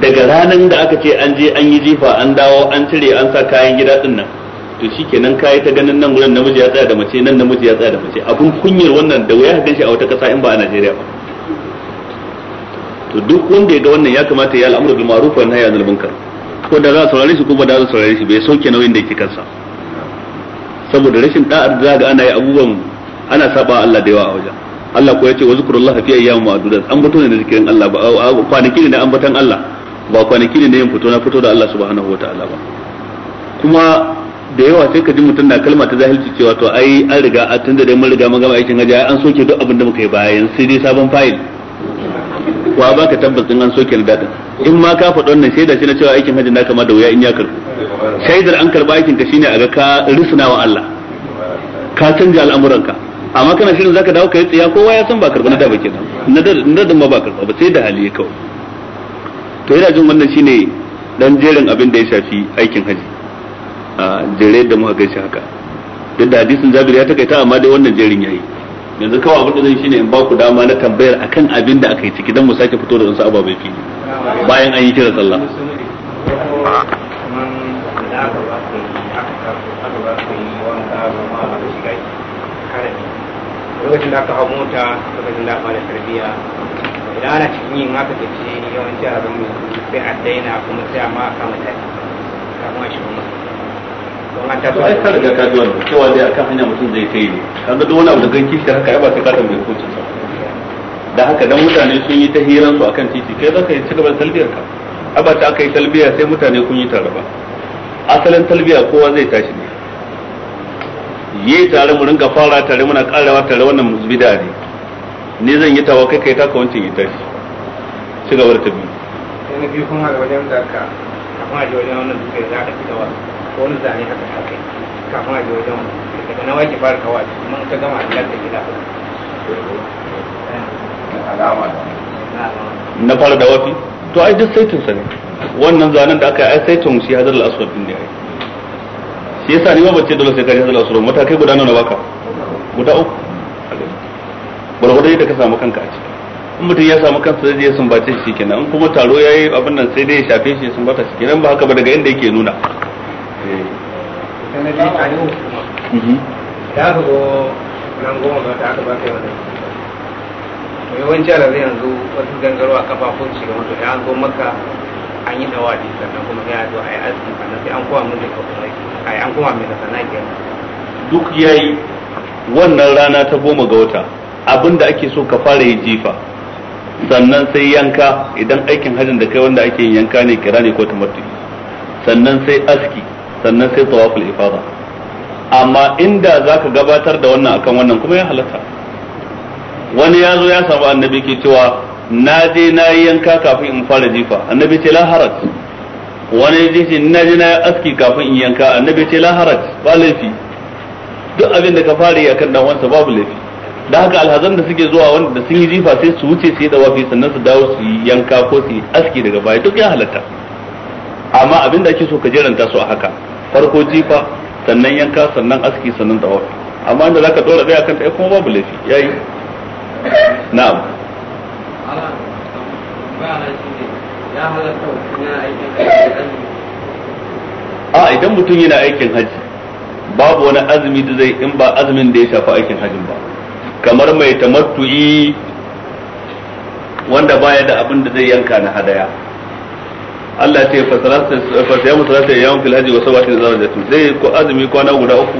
daga ranar da aka ce an je an yi jifa an dawo an cire an sa kayan gida din nan to shi shikenan kayi ta ganin nan wurin namiji ya tsaya da mace nan namiji ya tsaya da mace abun kunyar wannan da wuya gan shi a wata ƙasa in ba a Najeriya ba to duk wanda ya ga wannan ya kamata ya al'amuru bil ma'ruf wa haya anil munkar ko da za a saurare shi ko ba da za a saurare shi bai sauke nauyin da yake kansa saboda rashin da'ar da ga ana yi abubuwan ana saba Allah da yawa a wajen Allah ko yace wa zikrullah fi ayyamin ma'dudat an bato ne da zikirin Allah ba kwanaki ne da an batan Allah ba kwanaki ne da yin fito na fito da Allah subhanahu wataala ba kuma da yawa sai ka ji mutum na kalma ta zahilci cewa to ai an riga a tunda dai mun riga mun gama aikin haji an soke duk abin da muka yi bayan sai dai sabon fayil wa baka tabbas din an soke da in ma ka faɗi wannan shaida shi na cewa aikin hajji na kama da wuya in ya karbu shaidar an karba aikin ka shine a ga ka risna wa Allah ka canja al'amuranka amma kana shirin zaka dawo kai tsiya kowa ya san ba karba na da bake na da ma ba karba ba sai da hali kawai to yana jin wannan shine dan jerin abin da ya shafi aikin haji a jere da muka gaishe haka duk da hadisin Jabir ya takaita amma dai wannan jerin yayi yanzu kawai abin da zan shine in ba ku dama na tambayar akan abin da aka yi ciki dan mu sake fito da wasu ababai fili bayan an yi kira sallah lokacin da aka hau mota lokacin da aka da tarbiyya idan ana cikin yin haka da ce yawanci a zama sai a daina kuma sai a ma kama tafi kafin a shiga masu to ai ka riga ka biyo cewa dai akan hanya mutum zai ta yi kaga duk wani abu da gan kishi haka ai ba sai ka tambaye ko sa da haka dan mutane sun yi ta hiran su akan titi kai zaka yi cigaba da talbiyar ka aba ta aka yi talbiya sai mutane kun yi tare ba asalin talbiya kowa zai tashi ne yi tare mu rinka fara tare muna karewa tare wannan musbida ne ni zan yi tawa kai kai ta wancan yi tashi cigaba da tabi sai na biyu kuma da wajen da ka kafin a wajen wannan duka ya ka fita wasu ko wani zane haka ta kai kafin a je wajen mu daga nawa ki fara kawai kuma ta gama a da gida na fara da wafi to ai duk saitin sa ne wannan zanen da aka yi ai saitin shi hadar al'asuwar din da ya yi shi yasa ni ma bace dole sai ka hadar al'asuwar matakai guda nawa baka guda uku gurgurda yadda ka samu kanka a ciki in mutum ya samu kansa zai je sun bace shi kenan in kuma taro ya yi abin nan sai dai ya shafe shi sun bata shi kenan ba haka ba daga inda yake nuna da aka go nan goma ba ta aka ba kai wannan mai yanzu wasu gangarwa kafafun shi ga mutu ya zo maka an yi dawa da sannan kuma ya zo a yi aski sannan sai an kowa mun ka kuma a yi an kowa mai da sannan ke duk ya yi wannan rana ta goma ga wata abin da ake so ka fara yi jifa sannan sai yanka idan aikin hajjin da kai wanda ake yanka ne kira ne ko tumarti sannan sai aski sannan sai tawaful ifada amma inda zaka gabatar da wannan akan wannan kuma ya halatta wani ya zo ya samu annabi ke cewa na je na yi yanka kafin in fara jifa annabi ce la haraj wani ya ce na je na yi aski kafin in yanka annabi ce la haraj ba laifi duk abin da ka fara yi akan dan wansa babu laifi da haka alhazan da suke zuwa wanda sun yi jifa sai su wuce su yi dawafi sannan su dawo su yi yanka ko su yi aski daga baya duk ya halatta amma abin da ake so ka jeranta su a haka farko jifa sannan yanka sannan aski sannan tawaf amma inda zaka dora daya kanta ta kuma babu laifi yayi na'am a idan mutum yana aikin haji babu wani azumi da zai in ba azumin da ya shafi aikin hajin ba kamar mai tamattu'i wanda baya da abin da zai yanka na hadaya Allah ce fa siyamu salata yawon fil hajji wa sabatin zanajatu zai ko azumi kwana guda uku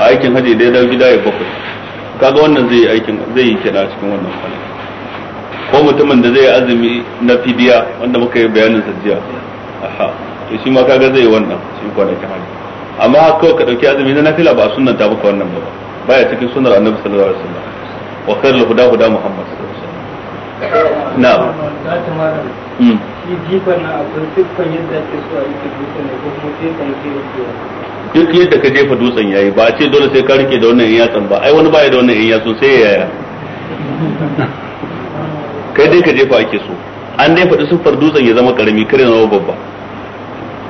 a aikin hajji da ya gida ya bakwai kaga wannan zai aikin zai yi kenan cikin wannan hali ko mutumin da zai azumi na fidiya wanda muka yi bayanin sajjiya aha to shi ma kaga zai wannan shi kwana kwanakin hajji amma haka ka dauki azumi na nafila ba a ta baka wannan ba baya cikin sunnar annabi sallallahu alaihi wasallam wa khairul huda huda muhammad sallallahu na'am duk yadda ka jefa dutsen yayi ba a ce dole sai ka rike da wannan yatsan ba ai wani baya da wannan yatsun sai yaya kai dai ka jefa ake so an dai faɗi siffar dutsen ya zama karami kare na babba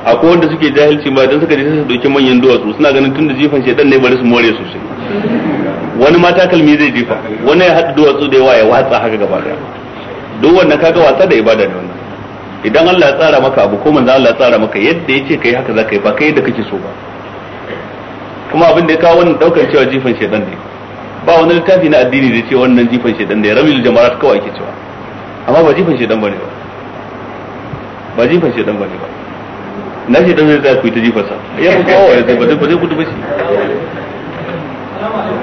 akwai wanda suke jahilci ba dan suka je sai su ɗauki manyan duwatsu suna ganin tunda jifan shaidan ne bari su more sosai wani ma takalmi zai jifa wani ya haɗu duwatsu da yawa ya watsa haka gaba daya duk wannan kaga wasa da ibada ne wannan idan Allah ya tsara maka abu ko manzo Allah ya tsara maka yadda yace kai haka zaka yi ba kai da kake so ba kuma abin da ya kawo wannan daukar cewa jifan shedan ne ba wani littafi na addini da ce wannan jifan shedan ne ramil jama'at kawai ake cewa amma ba jifan shedan bane ba ba jifan shedan bane ba na shedan zai tsaya ku ta jifarsa ya ba kowa ya zai ba zai kudu ba shi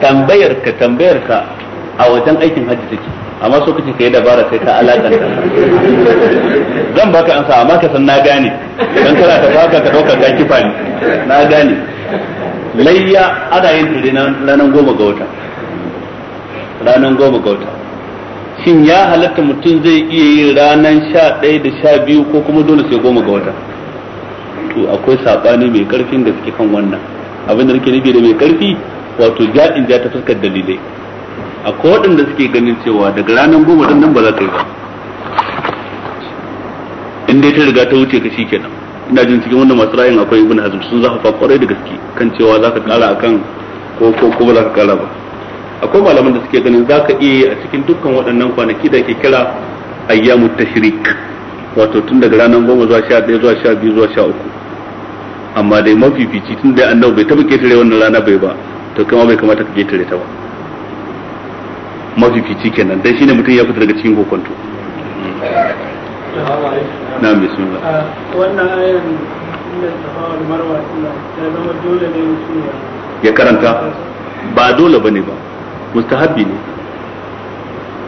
tambayar ka tambayar ka a wajen aikin hajji take amma so kace kai dabara sai ka alakanta zan baka ansa amma ka san na gane dan kana ta baka ka dauka ka kifa ni na gane layya ana yin tare ranan goma ga wata ranan goma ga wata shin ya halatta mutum zai iya yin ranan sha ɗaya da sha biyu ko kuma dole sai goma ga wata to akwai saɓani mai ƙarfin da suke kan wannan abinda nake nufi da mai karfi wato ja'in ja ta fuskar dalilai akwai waɗanda suke ganin cewa daga ranar goma din nan ba za ka yi ba in dai ta riga ta wuce ka shi kenan ina jin cikin wanda masu ra'ayin akwai ibn hazm sun zafafa kwarai da gaske kan cewa za ka kara akan ko ko ko ba za ka kara ba akwai malaman da suke ganin za ka iya a cikin dukkan waɗannan kwanaki da ke kira ayyamu tashrik wato tun daga ranar goma zuwa sha ɗaya zuwa sha biyu zuwa sha uku amma dai mafifici tun da annabi bai taba ketare wannan rana bai ba to kuma bai kamata ka ketare ta ba mafifici kenan dan shine mutum ya fita daga cikin kokonto na'am bismillah wannan ayan inda safa marwa ta zama dole ne ya karanta ba dole bane ba mustahabbi ne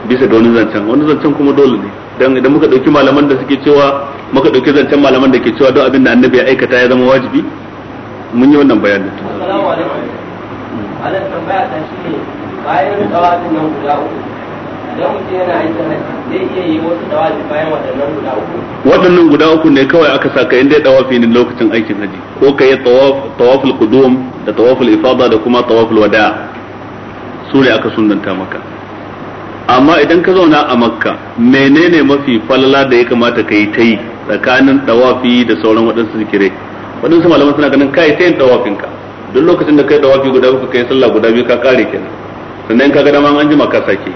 bisa ga wani zancen wani zancen kuma dole ne dan idan muka dauki malaman da suke cewa muka dauki zancen malaman da ke cewa don abin da annabi ya aikata ya zama wajibi mun yi wannan bayanin assalamu alaikum ana tambaya ta shi bayan dawazin nan guda uku idan mutum yana aikin haji zai iya yi wasu dawazi bayan waɗannan guda uku waɗannan guda uku ne kawai aka saka inda ya dawafi ne lokacin aikin haji ko ka yi tawaful qudum da tawaful ifada da kuma tawaful wada su ne aka sunanta maka amma idan ka zauna a makka menene mafi falala da ya kamata ka yi ta yi tsakanin tawafi da sauran waɗansu zikirai waɗansu malaman suna ganin kai ta yin tawafin ka duk lokacin da kai tawafi guda uku kai sallah guda biyu ka kare kenan sannan ka ga dama an jima ka sake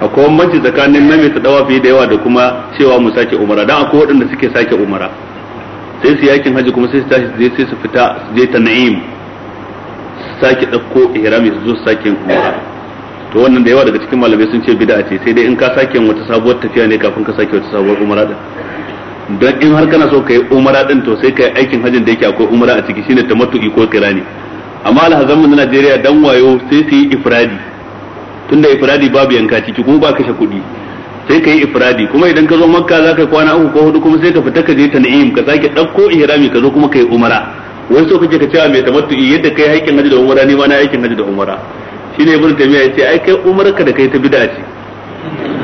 akwai mace tsakanin na mai ta dawafi da yawa da kuma cewa mu sake umara dan akwai waɗanda suke sake umara sai su yakin haji kuma sai su tashi sai su fita su je ta na'im sake ɗauko ihrami su zo su sake yin umra to wannan da yawa daga cikin malamai sun ce bid'a ce sai dai in ka sake wata sabuwar tafiya ne kafin ka sake wata sabuwar umra din don in har kana so kai umra din to sai kai aikin hajjin da yake akwai umra a ciki shine tamattu'i ko kirani amma alhazan mu na Najeriya dan wayo sai su yi ifradi tunda ifradi babu yanka ciki kuma ba kashe kuɗi sai ka yi ifradi kuma idan ka zo makka za ka kwana uku ko hudu kuma sai ka fita ka je na'im ka sake ɗauko ihrami ka zo kuma ka yi umara wai so kake ka cewa mai tamattu yadda kai aikin hajji da umara ni ma na aikin hajji da umara shine ibn taymiya yace ai kai umarka da kai ta bid'a ce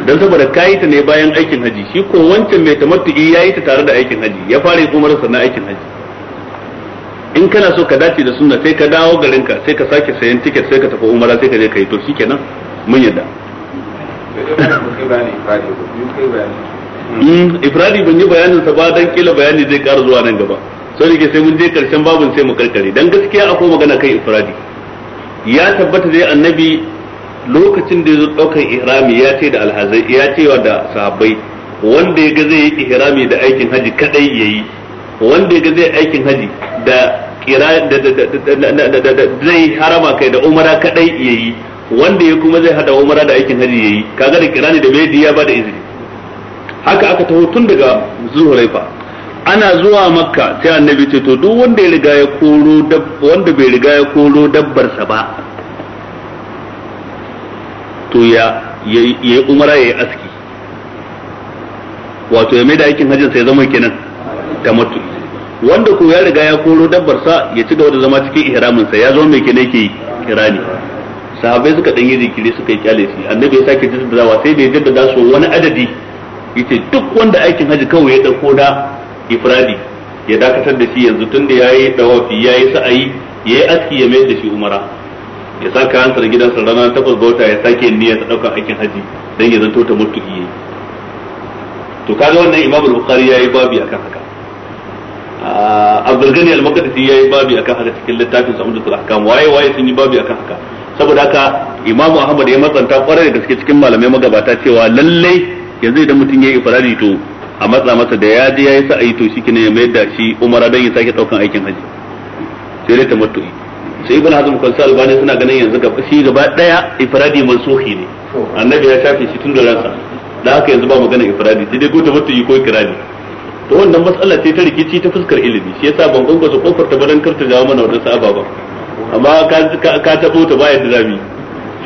dan saboda kai ta ne bayan aikin haji shi ko wancan mai tamattu yayi ta tare da aikin haji ya fara umara na aikin haji in kana so ka dace da sunna sai ka dawo garin ka sai ka sake sayan tiket sai ka tafi umara sai ka je kai to shikenan mun yadda hmm, ifradi ban yi bayanin sa ba dan kila bayani zai ƙara zuwa nan gaba so ke sai mun je karshen babu sai mu karkare dan gaskiya akwai magana kai ifradi ya tabbata dai annabi lokacin da ya zo daukan ihrami ya ce da alhazai ya ce wa da sahabbai wanda ya ga zai yi ihrami da aikin haji kadai yayi wanda ya ga zai aikin haji da kira da zai harama kai da umara kadai yayi wanda ya kuma zai hada umara da aikin haji yayi kaga da kirani da bai ya ba da izini haka aka taho tun daga zuhuraifa ana zuwa makka sai annabi ce to duk wanda ya riga ya koro wanda bai riga ya koro sa ba to ya ya umara ya yi aski wato ya maida aikin hajjin sai zama kenan ta mutu wanda ko ya riga ya koro dabbar sa ya ci gaba da zama cikin ihramin sa ya zama mai kenan yake kirani sahabbai suka dan yi zikiri suka yi kyale shi annabi ya sake jaddadawa sai da ya jaddada su wani adadi yace duk wanda aikin hajji kawai ya dauko da ifradi ya dakatar da shi yanzu tun da yayi dawafi yayi sa'ayi yayi aski ya mai da shi umara ya sa kayan sa gidansa ranar takwas bauta ya sake niyyar ta dauka aikin haji dan ya zanto ta mutu yi to kaga wannan imam al-bukhari yayi babi akan haka ah, abdul ghani al-maqdisi yayi babi akan haka cikin littafin umdul ahkam waye waye sun yi babi akan haka saboda haka imamu ahmad ya matsanta kwarai da gaske cikin malamai magabata cewa lallai yanzu idan mutum yayi ifradi to a matsa masa da ya je yi sa'ayi to shi ne ya mayar da shi umara don ya sake daukan aikin haji sai dai ta tamattu sai ibn hazm kan sa albani suna ganin yanzu ga shi gaba daya ifradi mansuhi ne annabi ya shafe shi tun da ransa da haka yanzu ba magana ifradi sai dai ko tamattu ko kirani to wannan matsala ce ta rikici ta fuskar ilimi shi yasa ban su kofar ta baran karta jawo mana wannan sa'a ba amma ka taɓo ta baya da zabi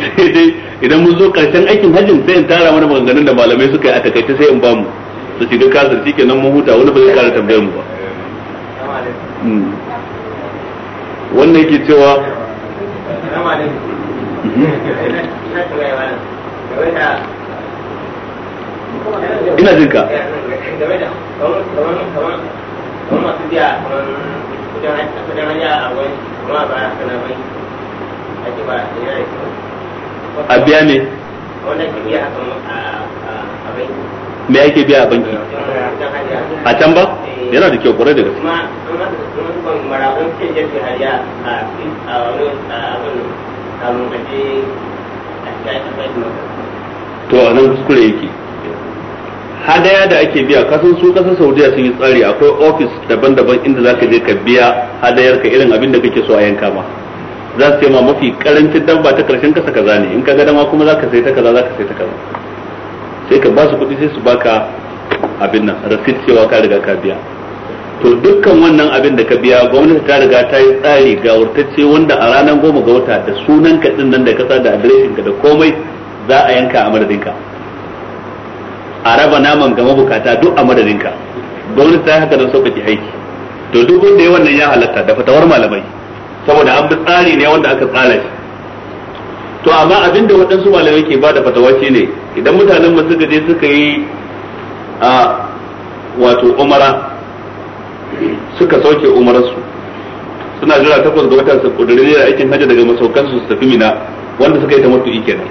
sai dai idan mun zo karshen aikin hajjin sai in tara mana maganganun da malamai suka yi a takaice sai in bamu to shi shiga kasar shi kenan mun huta wani ba zai kare tambayar mu ba wannan yake cewa ina jin ka a biya ne me ake biya a banki a can ba yana da kyau kwarai da gaske to a nan kuskure yake hadaya da ake biya kasan su kasan saudiya sun yi tsari akwai ofis daban-daban inda za ka je ka biya hadayar ka irin abin da kake so a yanka ma za su ce ma mafi karancin dabba ta karshen kasa kaza ne in ka ga dama kuma za ka sai ta kaza za ka sai ta kaza sai ka ba su kuɗi sai su baka abin nan rasit cewa ka riga ka biya to dukkan wannan abin da ka biya gwamnati ta riga ta yi tsari ga wurtacce wanda a ranar goma ga wata da sunan ka din nan da ka sa da adireshin ka da komai za a yanka a madadinka a raba naman ga mabukata duk a madadinka gwamnati ta yi haka don sauƙaƙe aiki to duk wanda ya wannan ya halatta da fatawar malamai saboda an bi tsari ne wanda aka tsara shi to amma abin da waɗansu malamai ke ba da fatawa ne idan mutanen mu suka suka yi a wato umara suka sauke umararsu suna jira takwas ga watan kudurin da aikin hajji daga masaukansu su tafi mina wanda suka yi ta mutu kenan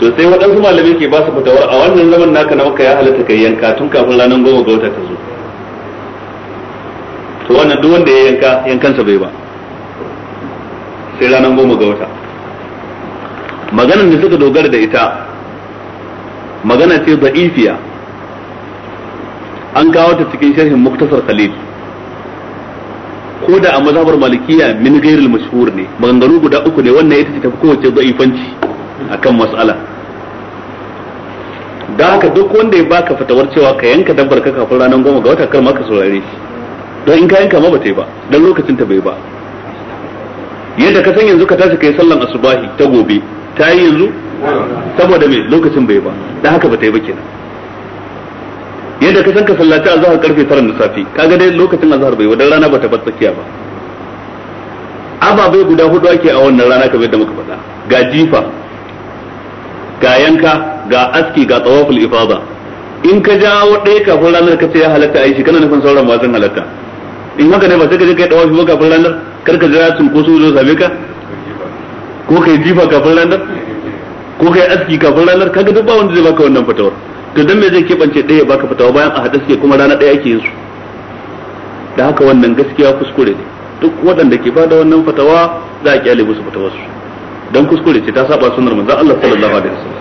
to sai waɗansu malamai ke ba su fatawar a wannan zaman naka na maka ya halatta kai yanka tun kafin ranar goma ga wata ta zo to wannan duk wanda ya yanka yankansa bai ba sai ranar goma ga wata maganar da suka dogara da ita magana ce da'ifiya an kawo ta cikin sharhin muktasar khalil ko da a mazhabar malikiya min gairil mashhur ne maganganu guda uku ne wannan ita ce tafi kowace da'ifanci akan mas'ala da haka duk wanda ya baka fatawar cewa ka yanka dabbar ka kafin ranar goma ga wata kar ma ka saurare shi don in ka yanka ma ba ta yi ba dan lokacin ta bai ba yadda ka san yanzu ka tashi kai sallan asubahi ta gobe ta yi yanzu saboda me lokacin bai ba dan haka ba ta yi ba kenan yadda ka san ka sallaci azhar karfe 9 na safi kaga dai lokacin azhar bai wadan rana ba ta bar tsakiya ba ababai guda hudu ake a wannan rana kamar yadda muka faɗa ga jifa ga yanka ga aski ga tawaful ifada in ka jawo ɗaya kafin ranar ka ce ya halatta aishi kana nufin sauran ma sun halatta in haka ne ba sai ka je kai tawafi ba kafin ranar karka jira sun ko su zo same ka ko kai jifa kafin ranar ko kai aski kafin ranar kaga duk ba wanda zai baka wannan fatawar to dan me zai kebance ɗaya baka fatawa bayan a haɗa suke kuma rana ɗaya ake yin su da haka wannan gaskiya kuskure ne duk waɗanda ke bada wannan fatawa za a kyale musu fatawar su dan kuskure ce ta saba sunnar manzon Allah sallallahu alaihi wasallam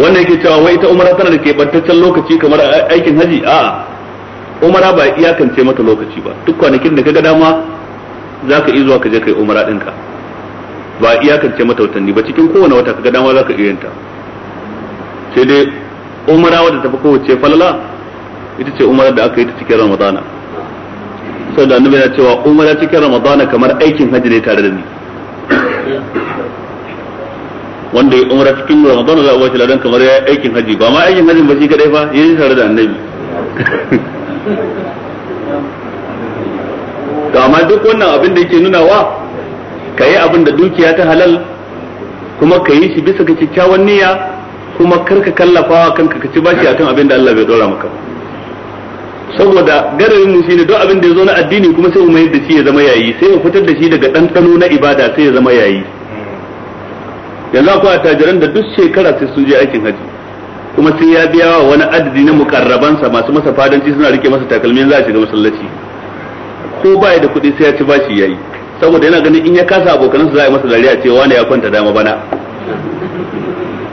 wannan yake cewa wai ita umara tana da keɓantaccen lokaci kamar aikin haji a'a umara ba ya iyakance maka lokaci ba duk kwanakin da kaga dama zaka iya zuwa ka je kai umara ɗinka ba ya iyakance mata watanni ba cikin kowane wata kaga dama zaka iya yanta sai dai umara wadda fi kowace falala ita ce umara da aka yi ta cikin ramadana saboda annabi yana cewa umara cikin ramadana kamar aikin hajji ne tare da ni wanda ya umara cikin ramadana za a bashi ladan kamar ya aikin hajji ba ma aikin hajji ba shi kadai ba yi tare da annabi to amma duk wannan abin da yake nuna wa ka yi abin da dukiya ta halal kuma ka yi shi bisa ga kyakkyawan niyya kuma karka kallafawa kanka ka ci bashi akan abin da Allah bai dora maka saboda garin mu shine duk abin da ya zo na addini kuma sai mu mayar da shi ya zama yayi sai mu fitar da shi daga ɗanɗano na ibada sai ya zama yayi yanzu akwai attajiran da duk shekara sai sun je aikin hajji kuma sai ya biya wa wani adadi na mukarrabansa masu masa fadanci suna rike masa takalmin za a shiga masallaci ko baya da kuɗi sai ya ci bashi yayi saboda yana ganin in ya kasa abokanansa za a yi masa dariya cewa ne ya kwanta dama bana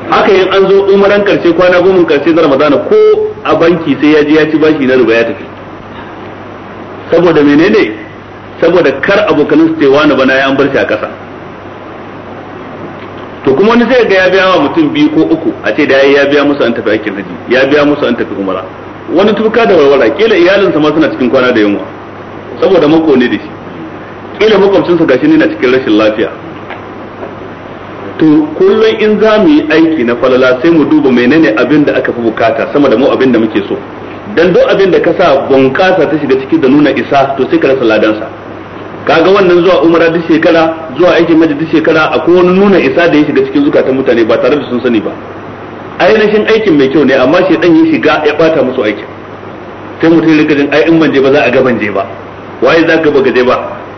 haka yin an zo umaran karshe kwana goma karshe na ramadana ko a banki sai ya je ya ci bashi na ruba ya tafi saboda menene saboda kar abokan su ce wani bana ya an bar shi a kasa to kuma wani zai ga ya biya wa mutum biyu ko uku a ce da ya biya musu an tafi aikin haji ya biya musu an tafi umara wani tuka da warwara kila iyalinsa ma suna cikin kwana da yunwa saboda mako ne da shi kila makwabcinsa gashi ne na cikin rashin lafiya to kullum in za mu yi aiki na falala sai mu duba menene abin da aka fi bukata sama da mu abin da muke so dan duk abin da ka sa bunƙasa ta shiga ciki da nuna isa to sai ka rasa ladansa kaga wannan zuwa umara duk shekara zuwa aikin maji duk shekara akwai wani nuna isa da ya shiga cikin zukatan mutane ba tare da sun sani ba ainihin aikin mai kyau ne amma shi dan ya shiga ya bata musu aikin sai mutum rika jin ai in ban je ba za a ga ban je ba waye za ka baka je ba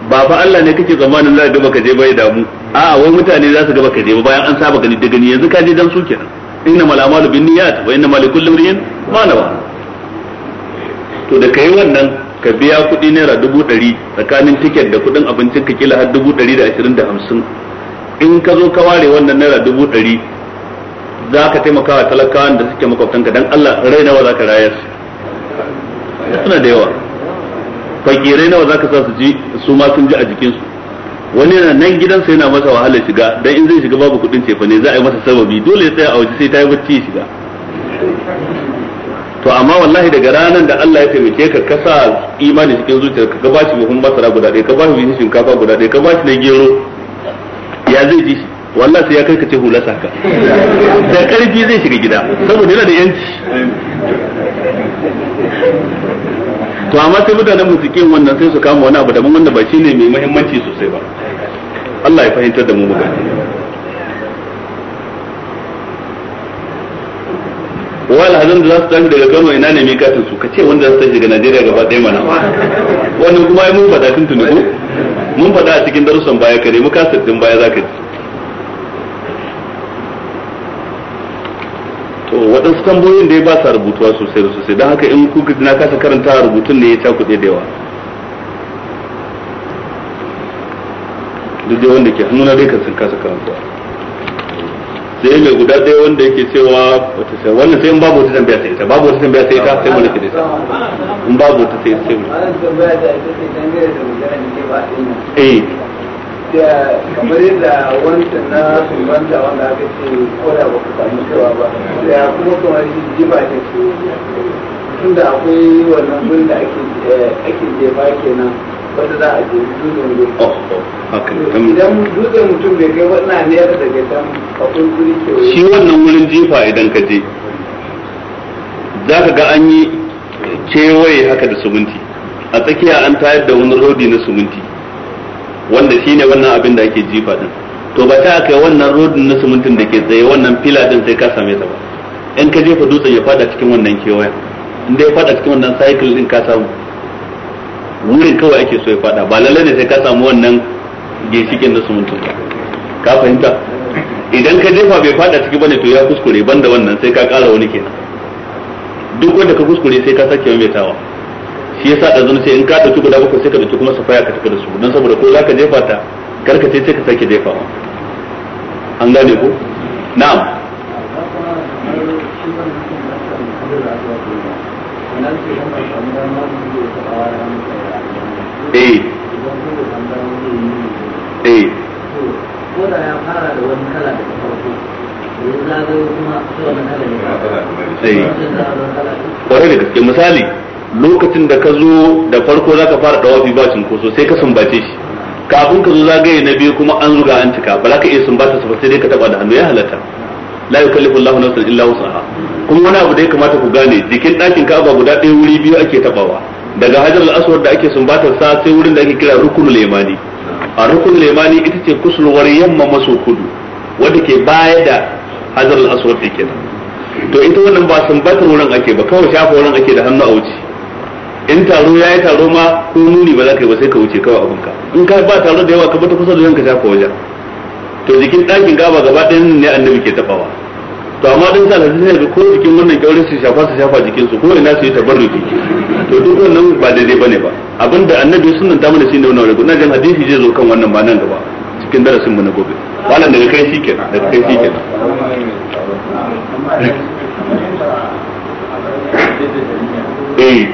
ba fa Allah ne kake zamanin za ka baka je ba ya damu a'a wai mutane za su ga baka je ba bayan an saba gani da gani yanzu ka je dan su kenan inna malamalu amalu bin niyyat wa inna malikul kullu malawa ma to da kai wannan ka biya kuɗi naira dubu ɗari tsakanin tiket da kuɗin abincin ka kila har dubu ɗari da ashirin da hamsin in ka zo ka ware wannan naira dubu ɗari za ka taimaka wa talakawan da suke makwabtanka don Allah rai nawa za ka rayar suna da yawa fakirai nawa za ka sa su ji su ma sun ji a jikinsu wani yana nan gidansa yana masa wahalar shiga dan in zai shiga babu kuɗin cefane za a yi masa sababi dole ya tsaya a waje sai ta yi bacci ya shiga to amma wallahi daga ranar da Allah ya taimake ka ka sa imani cikin zuciyar ka bashi buhun masara guda ɗaya ka bashi wani shinkafa guda ɗaya ka bashi na gero ya zai ji wallahi sai ya kai ka ce hula saka da ƙarfi zai shiga gida saboda yana da yanci to amma sai mutanen musikin wannan sai su kama wani abu mun wanda ba shine mai muhimmanci sosai ba Allah ya fahimtar da mu mutane wal hazan da za su tafi daga Kano ina ne mikatin su kace wanda za su tafi daga Najeriya gaba ɗaya mana wannan kuma mun faɗa tun tuni ko mun faɗa a cikin darussan baya ka nemi kasar din baya za ka ji to waɗansu tambayoyin da ya ba sa rubutuwa sosai da sosai don haka in kuka na kasa karanta rubutun ne ya ta kuɗe da yawa duk dai wanda ke hannuna dai kan sun kasa karanta sai mai guda ɗaya wanda yake cewa wannan sai in babu wata tambaya sai ita babu wata tambaya sai ita sai mu da in babu wata sai sai eh kamar yadda wancan na sumbanta wanda aka ce koda ba ku samu cewa ba da kuma kamar tunda akwai wannan aki da ake eh, ake jefa kenan wanda za a je dutsen oh, oh, idan dutsen mutum bai kai wannan can kewaye shi wannan wurin jifa idan ka je za ka ga an yi kewaye haka da suminti a tsakiya an tayar da wani rodi na suminti wanda shine wannan abin da ake jifa din to ba ta kai wannan rodin na sumuntin da ke tsaye wannan fila din sai ka same ta ba in ka jefa dutsen ya fada cikin wannan kewayen in dai ya fada cikin wannan cycle din ka samu wurin kawai ake so ya fada ba lalle ne sai ka samu wannan ginshikin da sumuntu ka fahimta idan ka jefa bai fada ciki bane to ya kuskure banda wannan sai ka kara wani kenan duk wanda ka kuskure sai ka sake maimaitawa shi yasa da zan sai in ka dauki guda bakwai sai ka dauki kuma safaya ka tafi da su dan saboda ko zaka jefa ta karka sai sai ka sake jefawa an gane ko yi kwarai da gaske misali lokacin da ka zo da farko zaka fara dawafi ba cunkoso sai ka sumbace shi kafin ka zo zagaye na biyu kuma an zuga an cika ba za ka iya sumbata su ba sai dai ka taba da hannu ya halatta la yukallifu Allahu nafsan illa wus'aha kuma wani abu da ya kamata ku gane jikin ɗakin Ka'aba guda ɗaya wuri biyu ake tabawa daga Hajar al da ake sumbatar sa sai wurin da ake kira Rukunul lemani a Rukunul lemani ita ce kusurwar yamma maso kudu wanda ke baya da Hajar al-Aswad kenan to ita wannan ba sumbatar wurin ake ba kawai shafa wurin ake da hannu a wuce in taro ya yi taro ma ko nuni ba za ka yi ba sai ka wuce kawai abinka in ka ba taro da yawa ka bata kusa da yanka shafa wajen to jikin ɗakin gaba gaba ɗayan ne annabi ke tafawa to amma dan sa alhaji sai ko jikin wannan kyaurin su shafa su shafa jikin su ko ina su yi ke to duk wannan ba daidai bane ba abinda annabi sunan ta mana shine wannan wani na jan hadisi zai zo kan wannan ba nan gaba cikin darasin mu na gobe wannan daga kai shikenan daga kai shikenan eh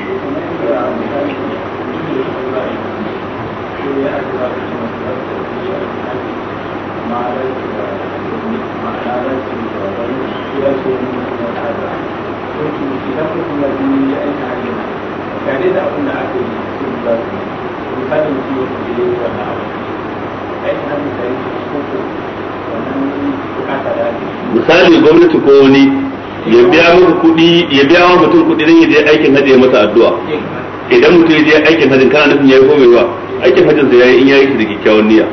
da abin da misali gwamnati ko wani ya biya muku kuɗi ya biya wa mutum kuɗi don ya je aikin hajji ya masa addu'a idan mutum ya je aikin hajji kana nufin yayi komai ba aikin hajjin sa yayi in yayi shi da kyakkyawan niyya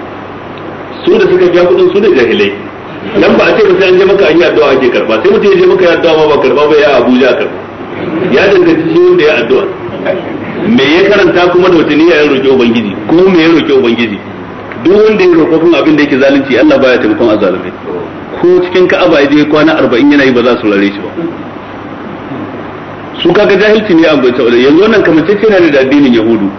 su da suka biya kuɗin su da jahilai nan ba a ce ba sai an je maka an yi addu'a ake karba sai mutum ya je maka ya addu'a ma ba karba ba ya Abuja karba ya danganci shi wanda ya addu'a me ya karanta kuma da wata niyya ya roƙi ubangiji ko me ya roƙi ubangiji duk wanda ya roƙo kun abin da yake zalunci Allah baya taimakon azalume ko cikin ka'aba ya je kwana 40 yana yi ba za su rare shi ba su kaga jahilci ne abu ta yanzu wannan ce ne da addinin yahudu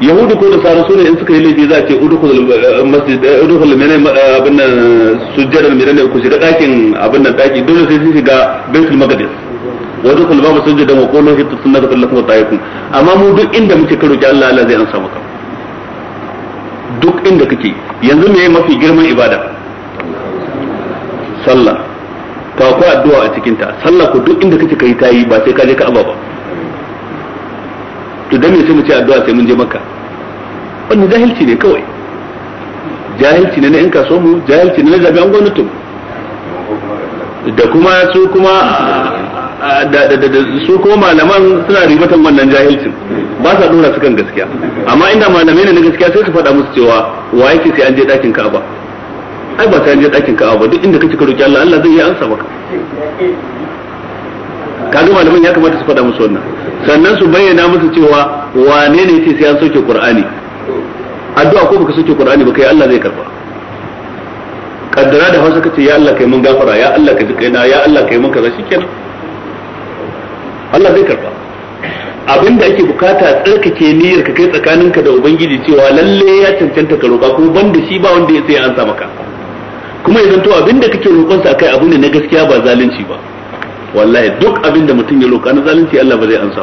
yahudu ko da su ne in suka yi laifi za a ce udkhul eh, masjid eh, udkhul min eh, abin nan sujjadan min nan ku shiga dakin abin nan daki dole sai sun shiga baitul maqdis wa udkhul baba sujjadan wa qulu hitta sunnatu lakum wa ta'ikum amma mu duk inda muke karo ki Allah Allah zai ansa maka duk inda kake yanzu me mafi girman ibada sallah to akwai addu'a a cikin ta sallah ku duk inda kake kai tayi ba sai ka je Ka'aba ba to dan ne sai mu ce addu'a sai mun je Makka wannan jahilci ne kawai jahilci ne na in kaso mu jahilci ne na jami'an gwamnatin da kuma su kuma da su kuma malaman suna ribatan wannan jahilcin ba sa dora su kan gaskiya amma inda malamai ne na gaskiya sai su faɗa musu cewa wa yake sai an je ɗakin Ka'aba ai ba sai an je ɗakin Ka'aba ba duk inda kace ka roki Allah Allah zai yi ansa maka kaga malamin ya kamata su faɗa musu wannan sannan su bayyana musu cewa wane ne yake sai an soke Qur'ani addu'a ko baka soke Qur'ani ba kai Allah zai karba kaddara da hausa kace ya Allah kai mun gafara ya Allah ka ji kaina ya Allah kai mun kaza shikenan Allah zai karba abin da ake bukata tsarkake niyyar ka kai tsakaninka da ubangiji cewa lalle ya cancanta ka roƙa kuma da shi ba wanda ya sai an sa maka kuma idan to abin da kake roƙon sa kai abu ne na gaskiya ba zalunci ba wallahi duk abin da mutum ya roƙa na zalunci Allah ba zai ansa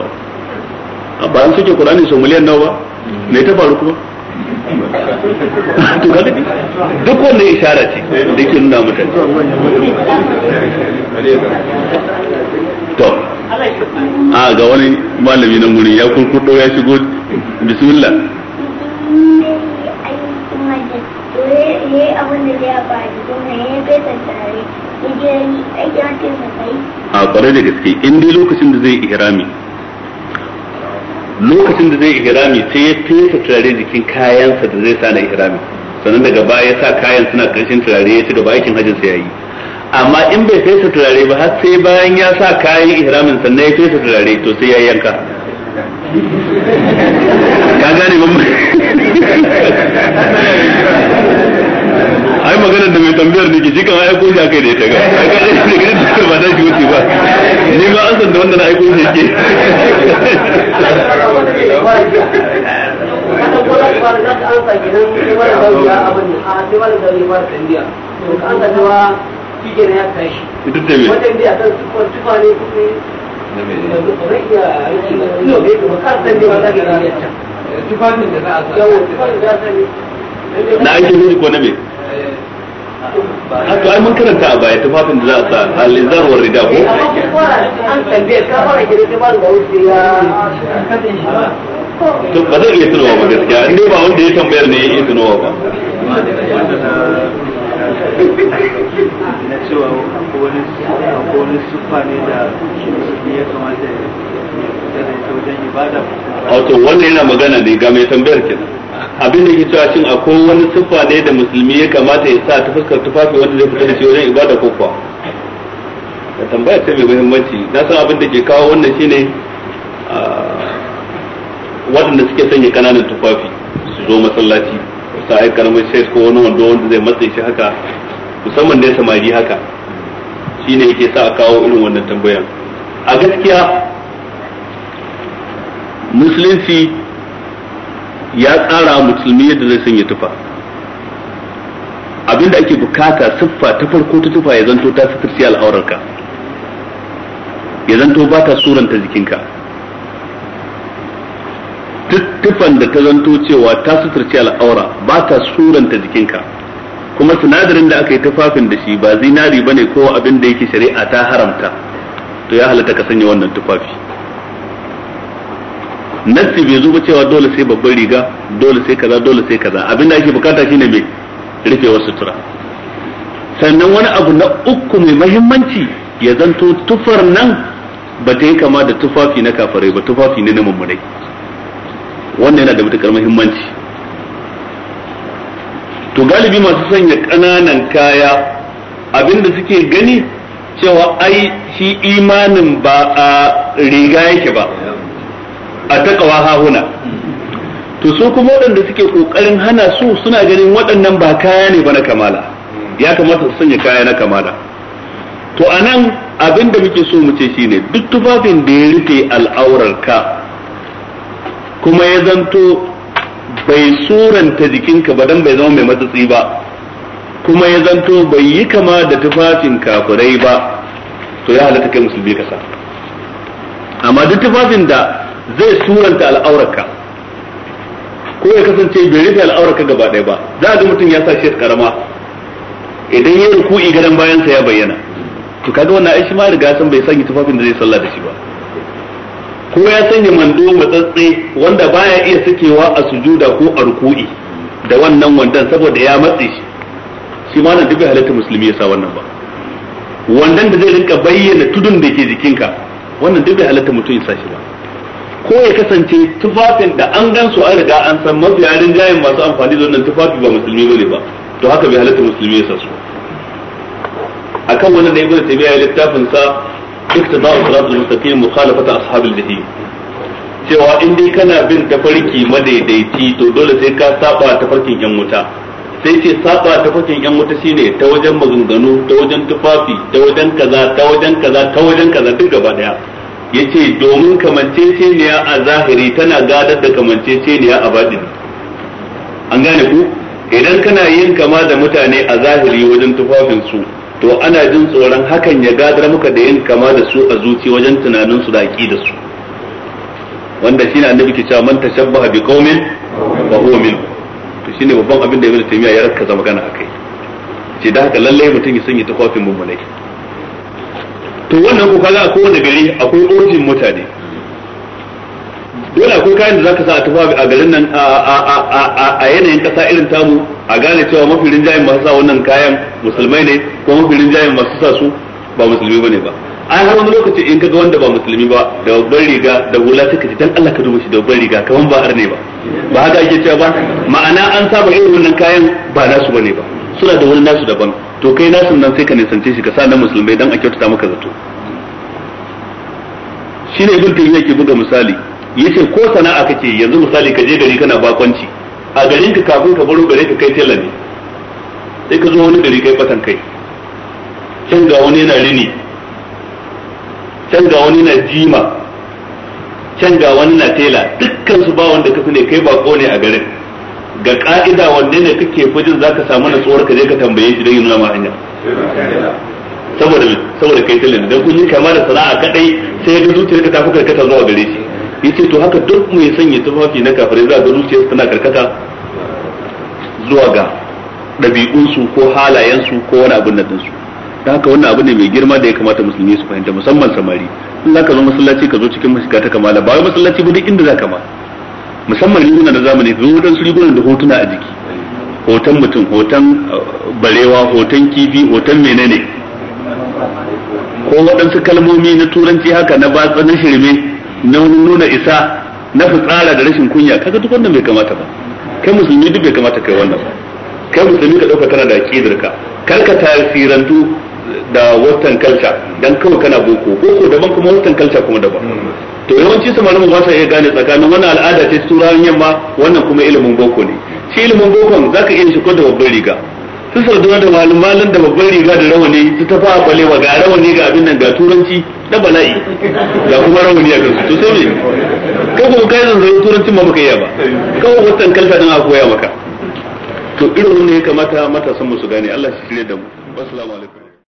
ba ba an soke Qur'ani sau miliyan nawa ba me ta faru kuma to ga duk wanda ya shara ce da ke nuna mutane to a ga wani malami na muni ya kurkudo ya shigo bismillah a kwarai da gaske in dai lokacin da zai ihrami lokacin da zai ihrami sai ya fesa turare jikin kayansa da zai sa na ihrami sannan daga baya ya sa kayan suna karshen turare ya ci gaba aikin hajjin sa yayi amma in bai fesa turare ba har sai bayan ya sa kayan ihramin sannan ya fesa turare to sai ya yanka ka gane ban ai magana da mai tambayar ne ki jikan ai ko ja kai da ita ga ai ga ne ba da shi wuce ba ni ba an san da wanda na aiko shi yake ne na ake ko na me a ai mun karanta a baya tufafin da za a sa alizar war rida ko to ba zai iya tunawa ba gaskiya in ba wanda ya tambayar ne ya iya tunawa ba na da wajen wato wannan yana magana ne ga mai tambayar kenan abin da ke cewa shin akwai wani siffa ne da musulmi ya kamata ya sa ta fuskar tufafi wanda zai fita da shi wajen ibada ko kuwa da tambaya ce mai muhimmanci na san abin da ke kawo wannan shine waɗanda suke sanya kananan tufafi su zo masallaci su ai karamin shais ko wani wando wanda zai matsa shi haka musamman samari haka shine yake sa a kawo irin wannan tambayan a gaskiya musulunci ya tsara musulmi yadda zai sanya tufa abinda ake bukata siffa ta farko ta tufa ya zanto ta sitirci al'aurarka ya zanto ba ta suranta jikinka tuffan da ta zanto cewa ta suturci al'aura ba ta suranta jikinka kuma sinadarin da aka yi tufafin da shi ba zinari ba ne ko abin da yake shari'a ta haramta to ya halatta ka sanya wannan tufafi nassi bai zo ba cewa dole sai babban riga dole sai kaza dole sai kaza abinda ake bukata shine mai wasu sutura sannan wani abu na uku mai mahimmanci ya zanto tufar nan ba ta yi kama da tufafi na kafarai ba tufafi ne na mummunai wannan yana da matukar mahimmanci to galibi masu sanya ƙananan kaya abinda suke gani cewa ai shi imanin ba a riga yake ba a takawa hahuna to su kuma waɗanda suke ƙoƙarin hana su suna ganin waɗannan ba kaya ne ba na kamala ya kamata su sanya kaya na kamala to a nan abin da muke so mu ce shine duk tufafin da ya rufe al'aurar ka kuma ya zanto bai suranta jikinka ba dan bai zama mai matsatsi ba kuma ya zanto bai yi kama da tufafin kafurai ba to ya halatta kai musulmi kasa amma duk tufafin da zai suranta al'aurarka ko ya kasance bai rufe al'aurarka gaba ɗaya ba za ga mutum ya sa shi karama idan ya ruku'i gadon bayansa ya bayyana to kaga wannan ai shi ma riga san bai sanya tufafin da zai sallah da shi ba ko ya sanya mando Matsatsi wanda baya iya sakewa a sujuda ko a ruku'i da wannan wandan saboda ya matse shi shi ma nan duk bai halatta musulmi ya sa wannan ba wandan da zai rinka bayyana tudun da ke jikinka wannan duk bai halatta mutum ya sa shi ba ko ya kasance tufafin da an gan su an riga an san mafi yarin jayin masu amfani da wannan tufafi ba musulmi bane ba to haka bai halatta musulmi ya sasu akan wannan da ibnu tabi'a ya littafin sa iktida'u siratul mustaqim mukhalafata ashabil jahim cewa in dai kana bin tafarki madaidaici to dole sai ka saba tafarkin yan wuta sai ce saba tafarkin yan wuta shine ta wajen maganganu ta wajen tufafi ta wajen kaza ta wajen kaza ta wajen kaza duk gaba daya yace domin kamanceceniya a zahiri tana gadar da kamanceceniya a badi an gane ku idan kana yin kama da mutane a zahiri wajen tufafinsu to ana jin tsoron hakan ya gadar muka da yin kama da su a zuci wajen tunanin su da da su wanda shine annabi ke cewa man tashabbaha bi qaumin fa huwa min to shine babban abin da Ibn Taymiyyah ya rakkaza magana akai ce da haka lalle mutum ya sanya tufafin mummunai to wannan ko za a kowane gari akwai ojin mutane dole akwai kayan da za ka sa a tafa a garin nan a yanayin kasa irin tamu a gane cewa mafi rinjayen masu sa wannan kayan musulmai ne ko mafi rinjayen masu sa su ba musulmi bane ba ai har wani lokaci in kaga wanda ba musulmi ba da babban riga da hula suka ji dan Allah ka duba shi da babban riga kaman ba arne ba ba haka ake cewa ba ma'ana an saba irin wannan kayan ba nasu ne ba suna da wani nasu daban to kai nasu nan sai ka nisance shi ka sa nan musulmai dan a kyautata maka zato shine ibn tayyib ke buga misali yace ko sana'a kake yanzu misali ka je gari kana bakonci a garin ka kafin ka baro gare ka kai tela ne sai ka zo wani gari kai fatan kai can ga wani yana rini can ga wani na jima can ga wani na tela dukkan su ba wanda ka ne kai bako ne a garin ga ka'ida wanne ne kake fujin zaka samu natsuwar ka je ka tambaye shi dan ya nuna ma hanya saboda saboda kai tilin dan kun yi kama da sana'a kadai sai ga ka ta fi karkata zuwa gare shi yace to haka duk mai sanya tufafi na kafirai za ga zuciyarsa tana karkata zuwa ga ɗabi'unsu ko halayensu ko wani abin da dinsu ta haka wannan abu ne mai girma da ya kamata musulmi su fahimta musamman samari in za ka zo masallaci ka zo cikin mashika ta kamala ba wai masallaci ba duk inda za ka ma musamman riguna da zamani zo wadansu rigunan da hotuna a jiki hoton mutum hoton uh, barewa hoton kifi hoton menene ko waɗansu kalmomi na turanci haka na batsa na shirme na nuna isa na fitsara da rashin kunya kaga duk wannan bai kamata ba kai musulmi duk bai kamata kai wannan ba kai musulmi ka ɗauka kana da aƙidar ka kar ka tasirantu da western culture dan kawai kana boko boko daban kuma western culture kuma daban to yawanci samarin mu ba sa iya gane tsakanin wannan al'ada ce turawan yamma wannan kuma ilimin boko ne shi ilimin bokon ka iya shi da babban riga su sardu da malumalan da babban riga da rawani su tafa a balewa ga rawani ga abin nan ga turanci na bala'i ga kuma rawani a kansu to sai me ko kuma kai zan zai turanci ma baka iya ba kawai wannan kalfa din a koya maka to irin ne ya kamata matasan mu su gane Allah shi shirye da mu assalamu alaikum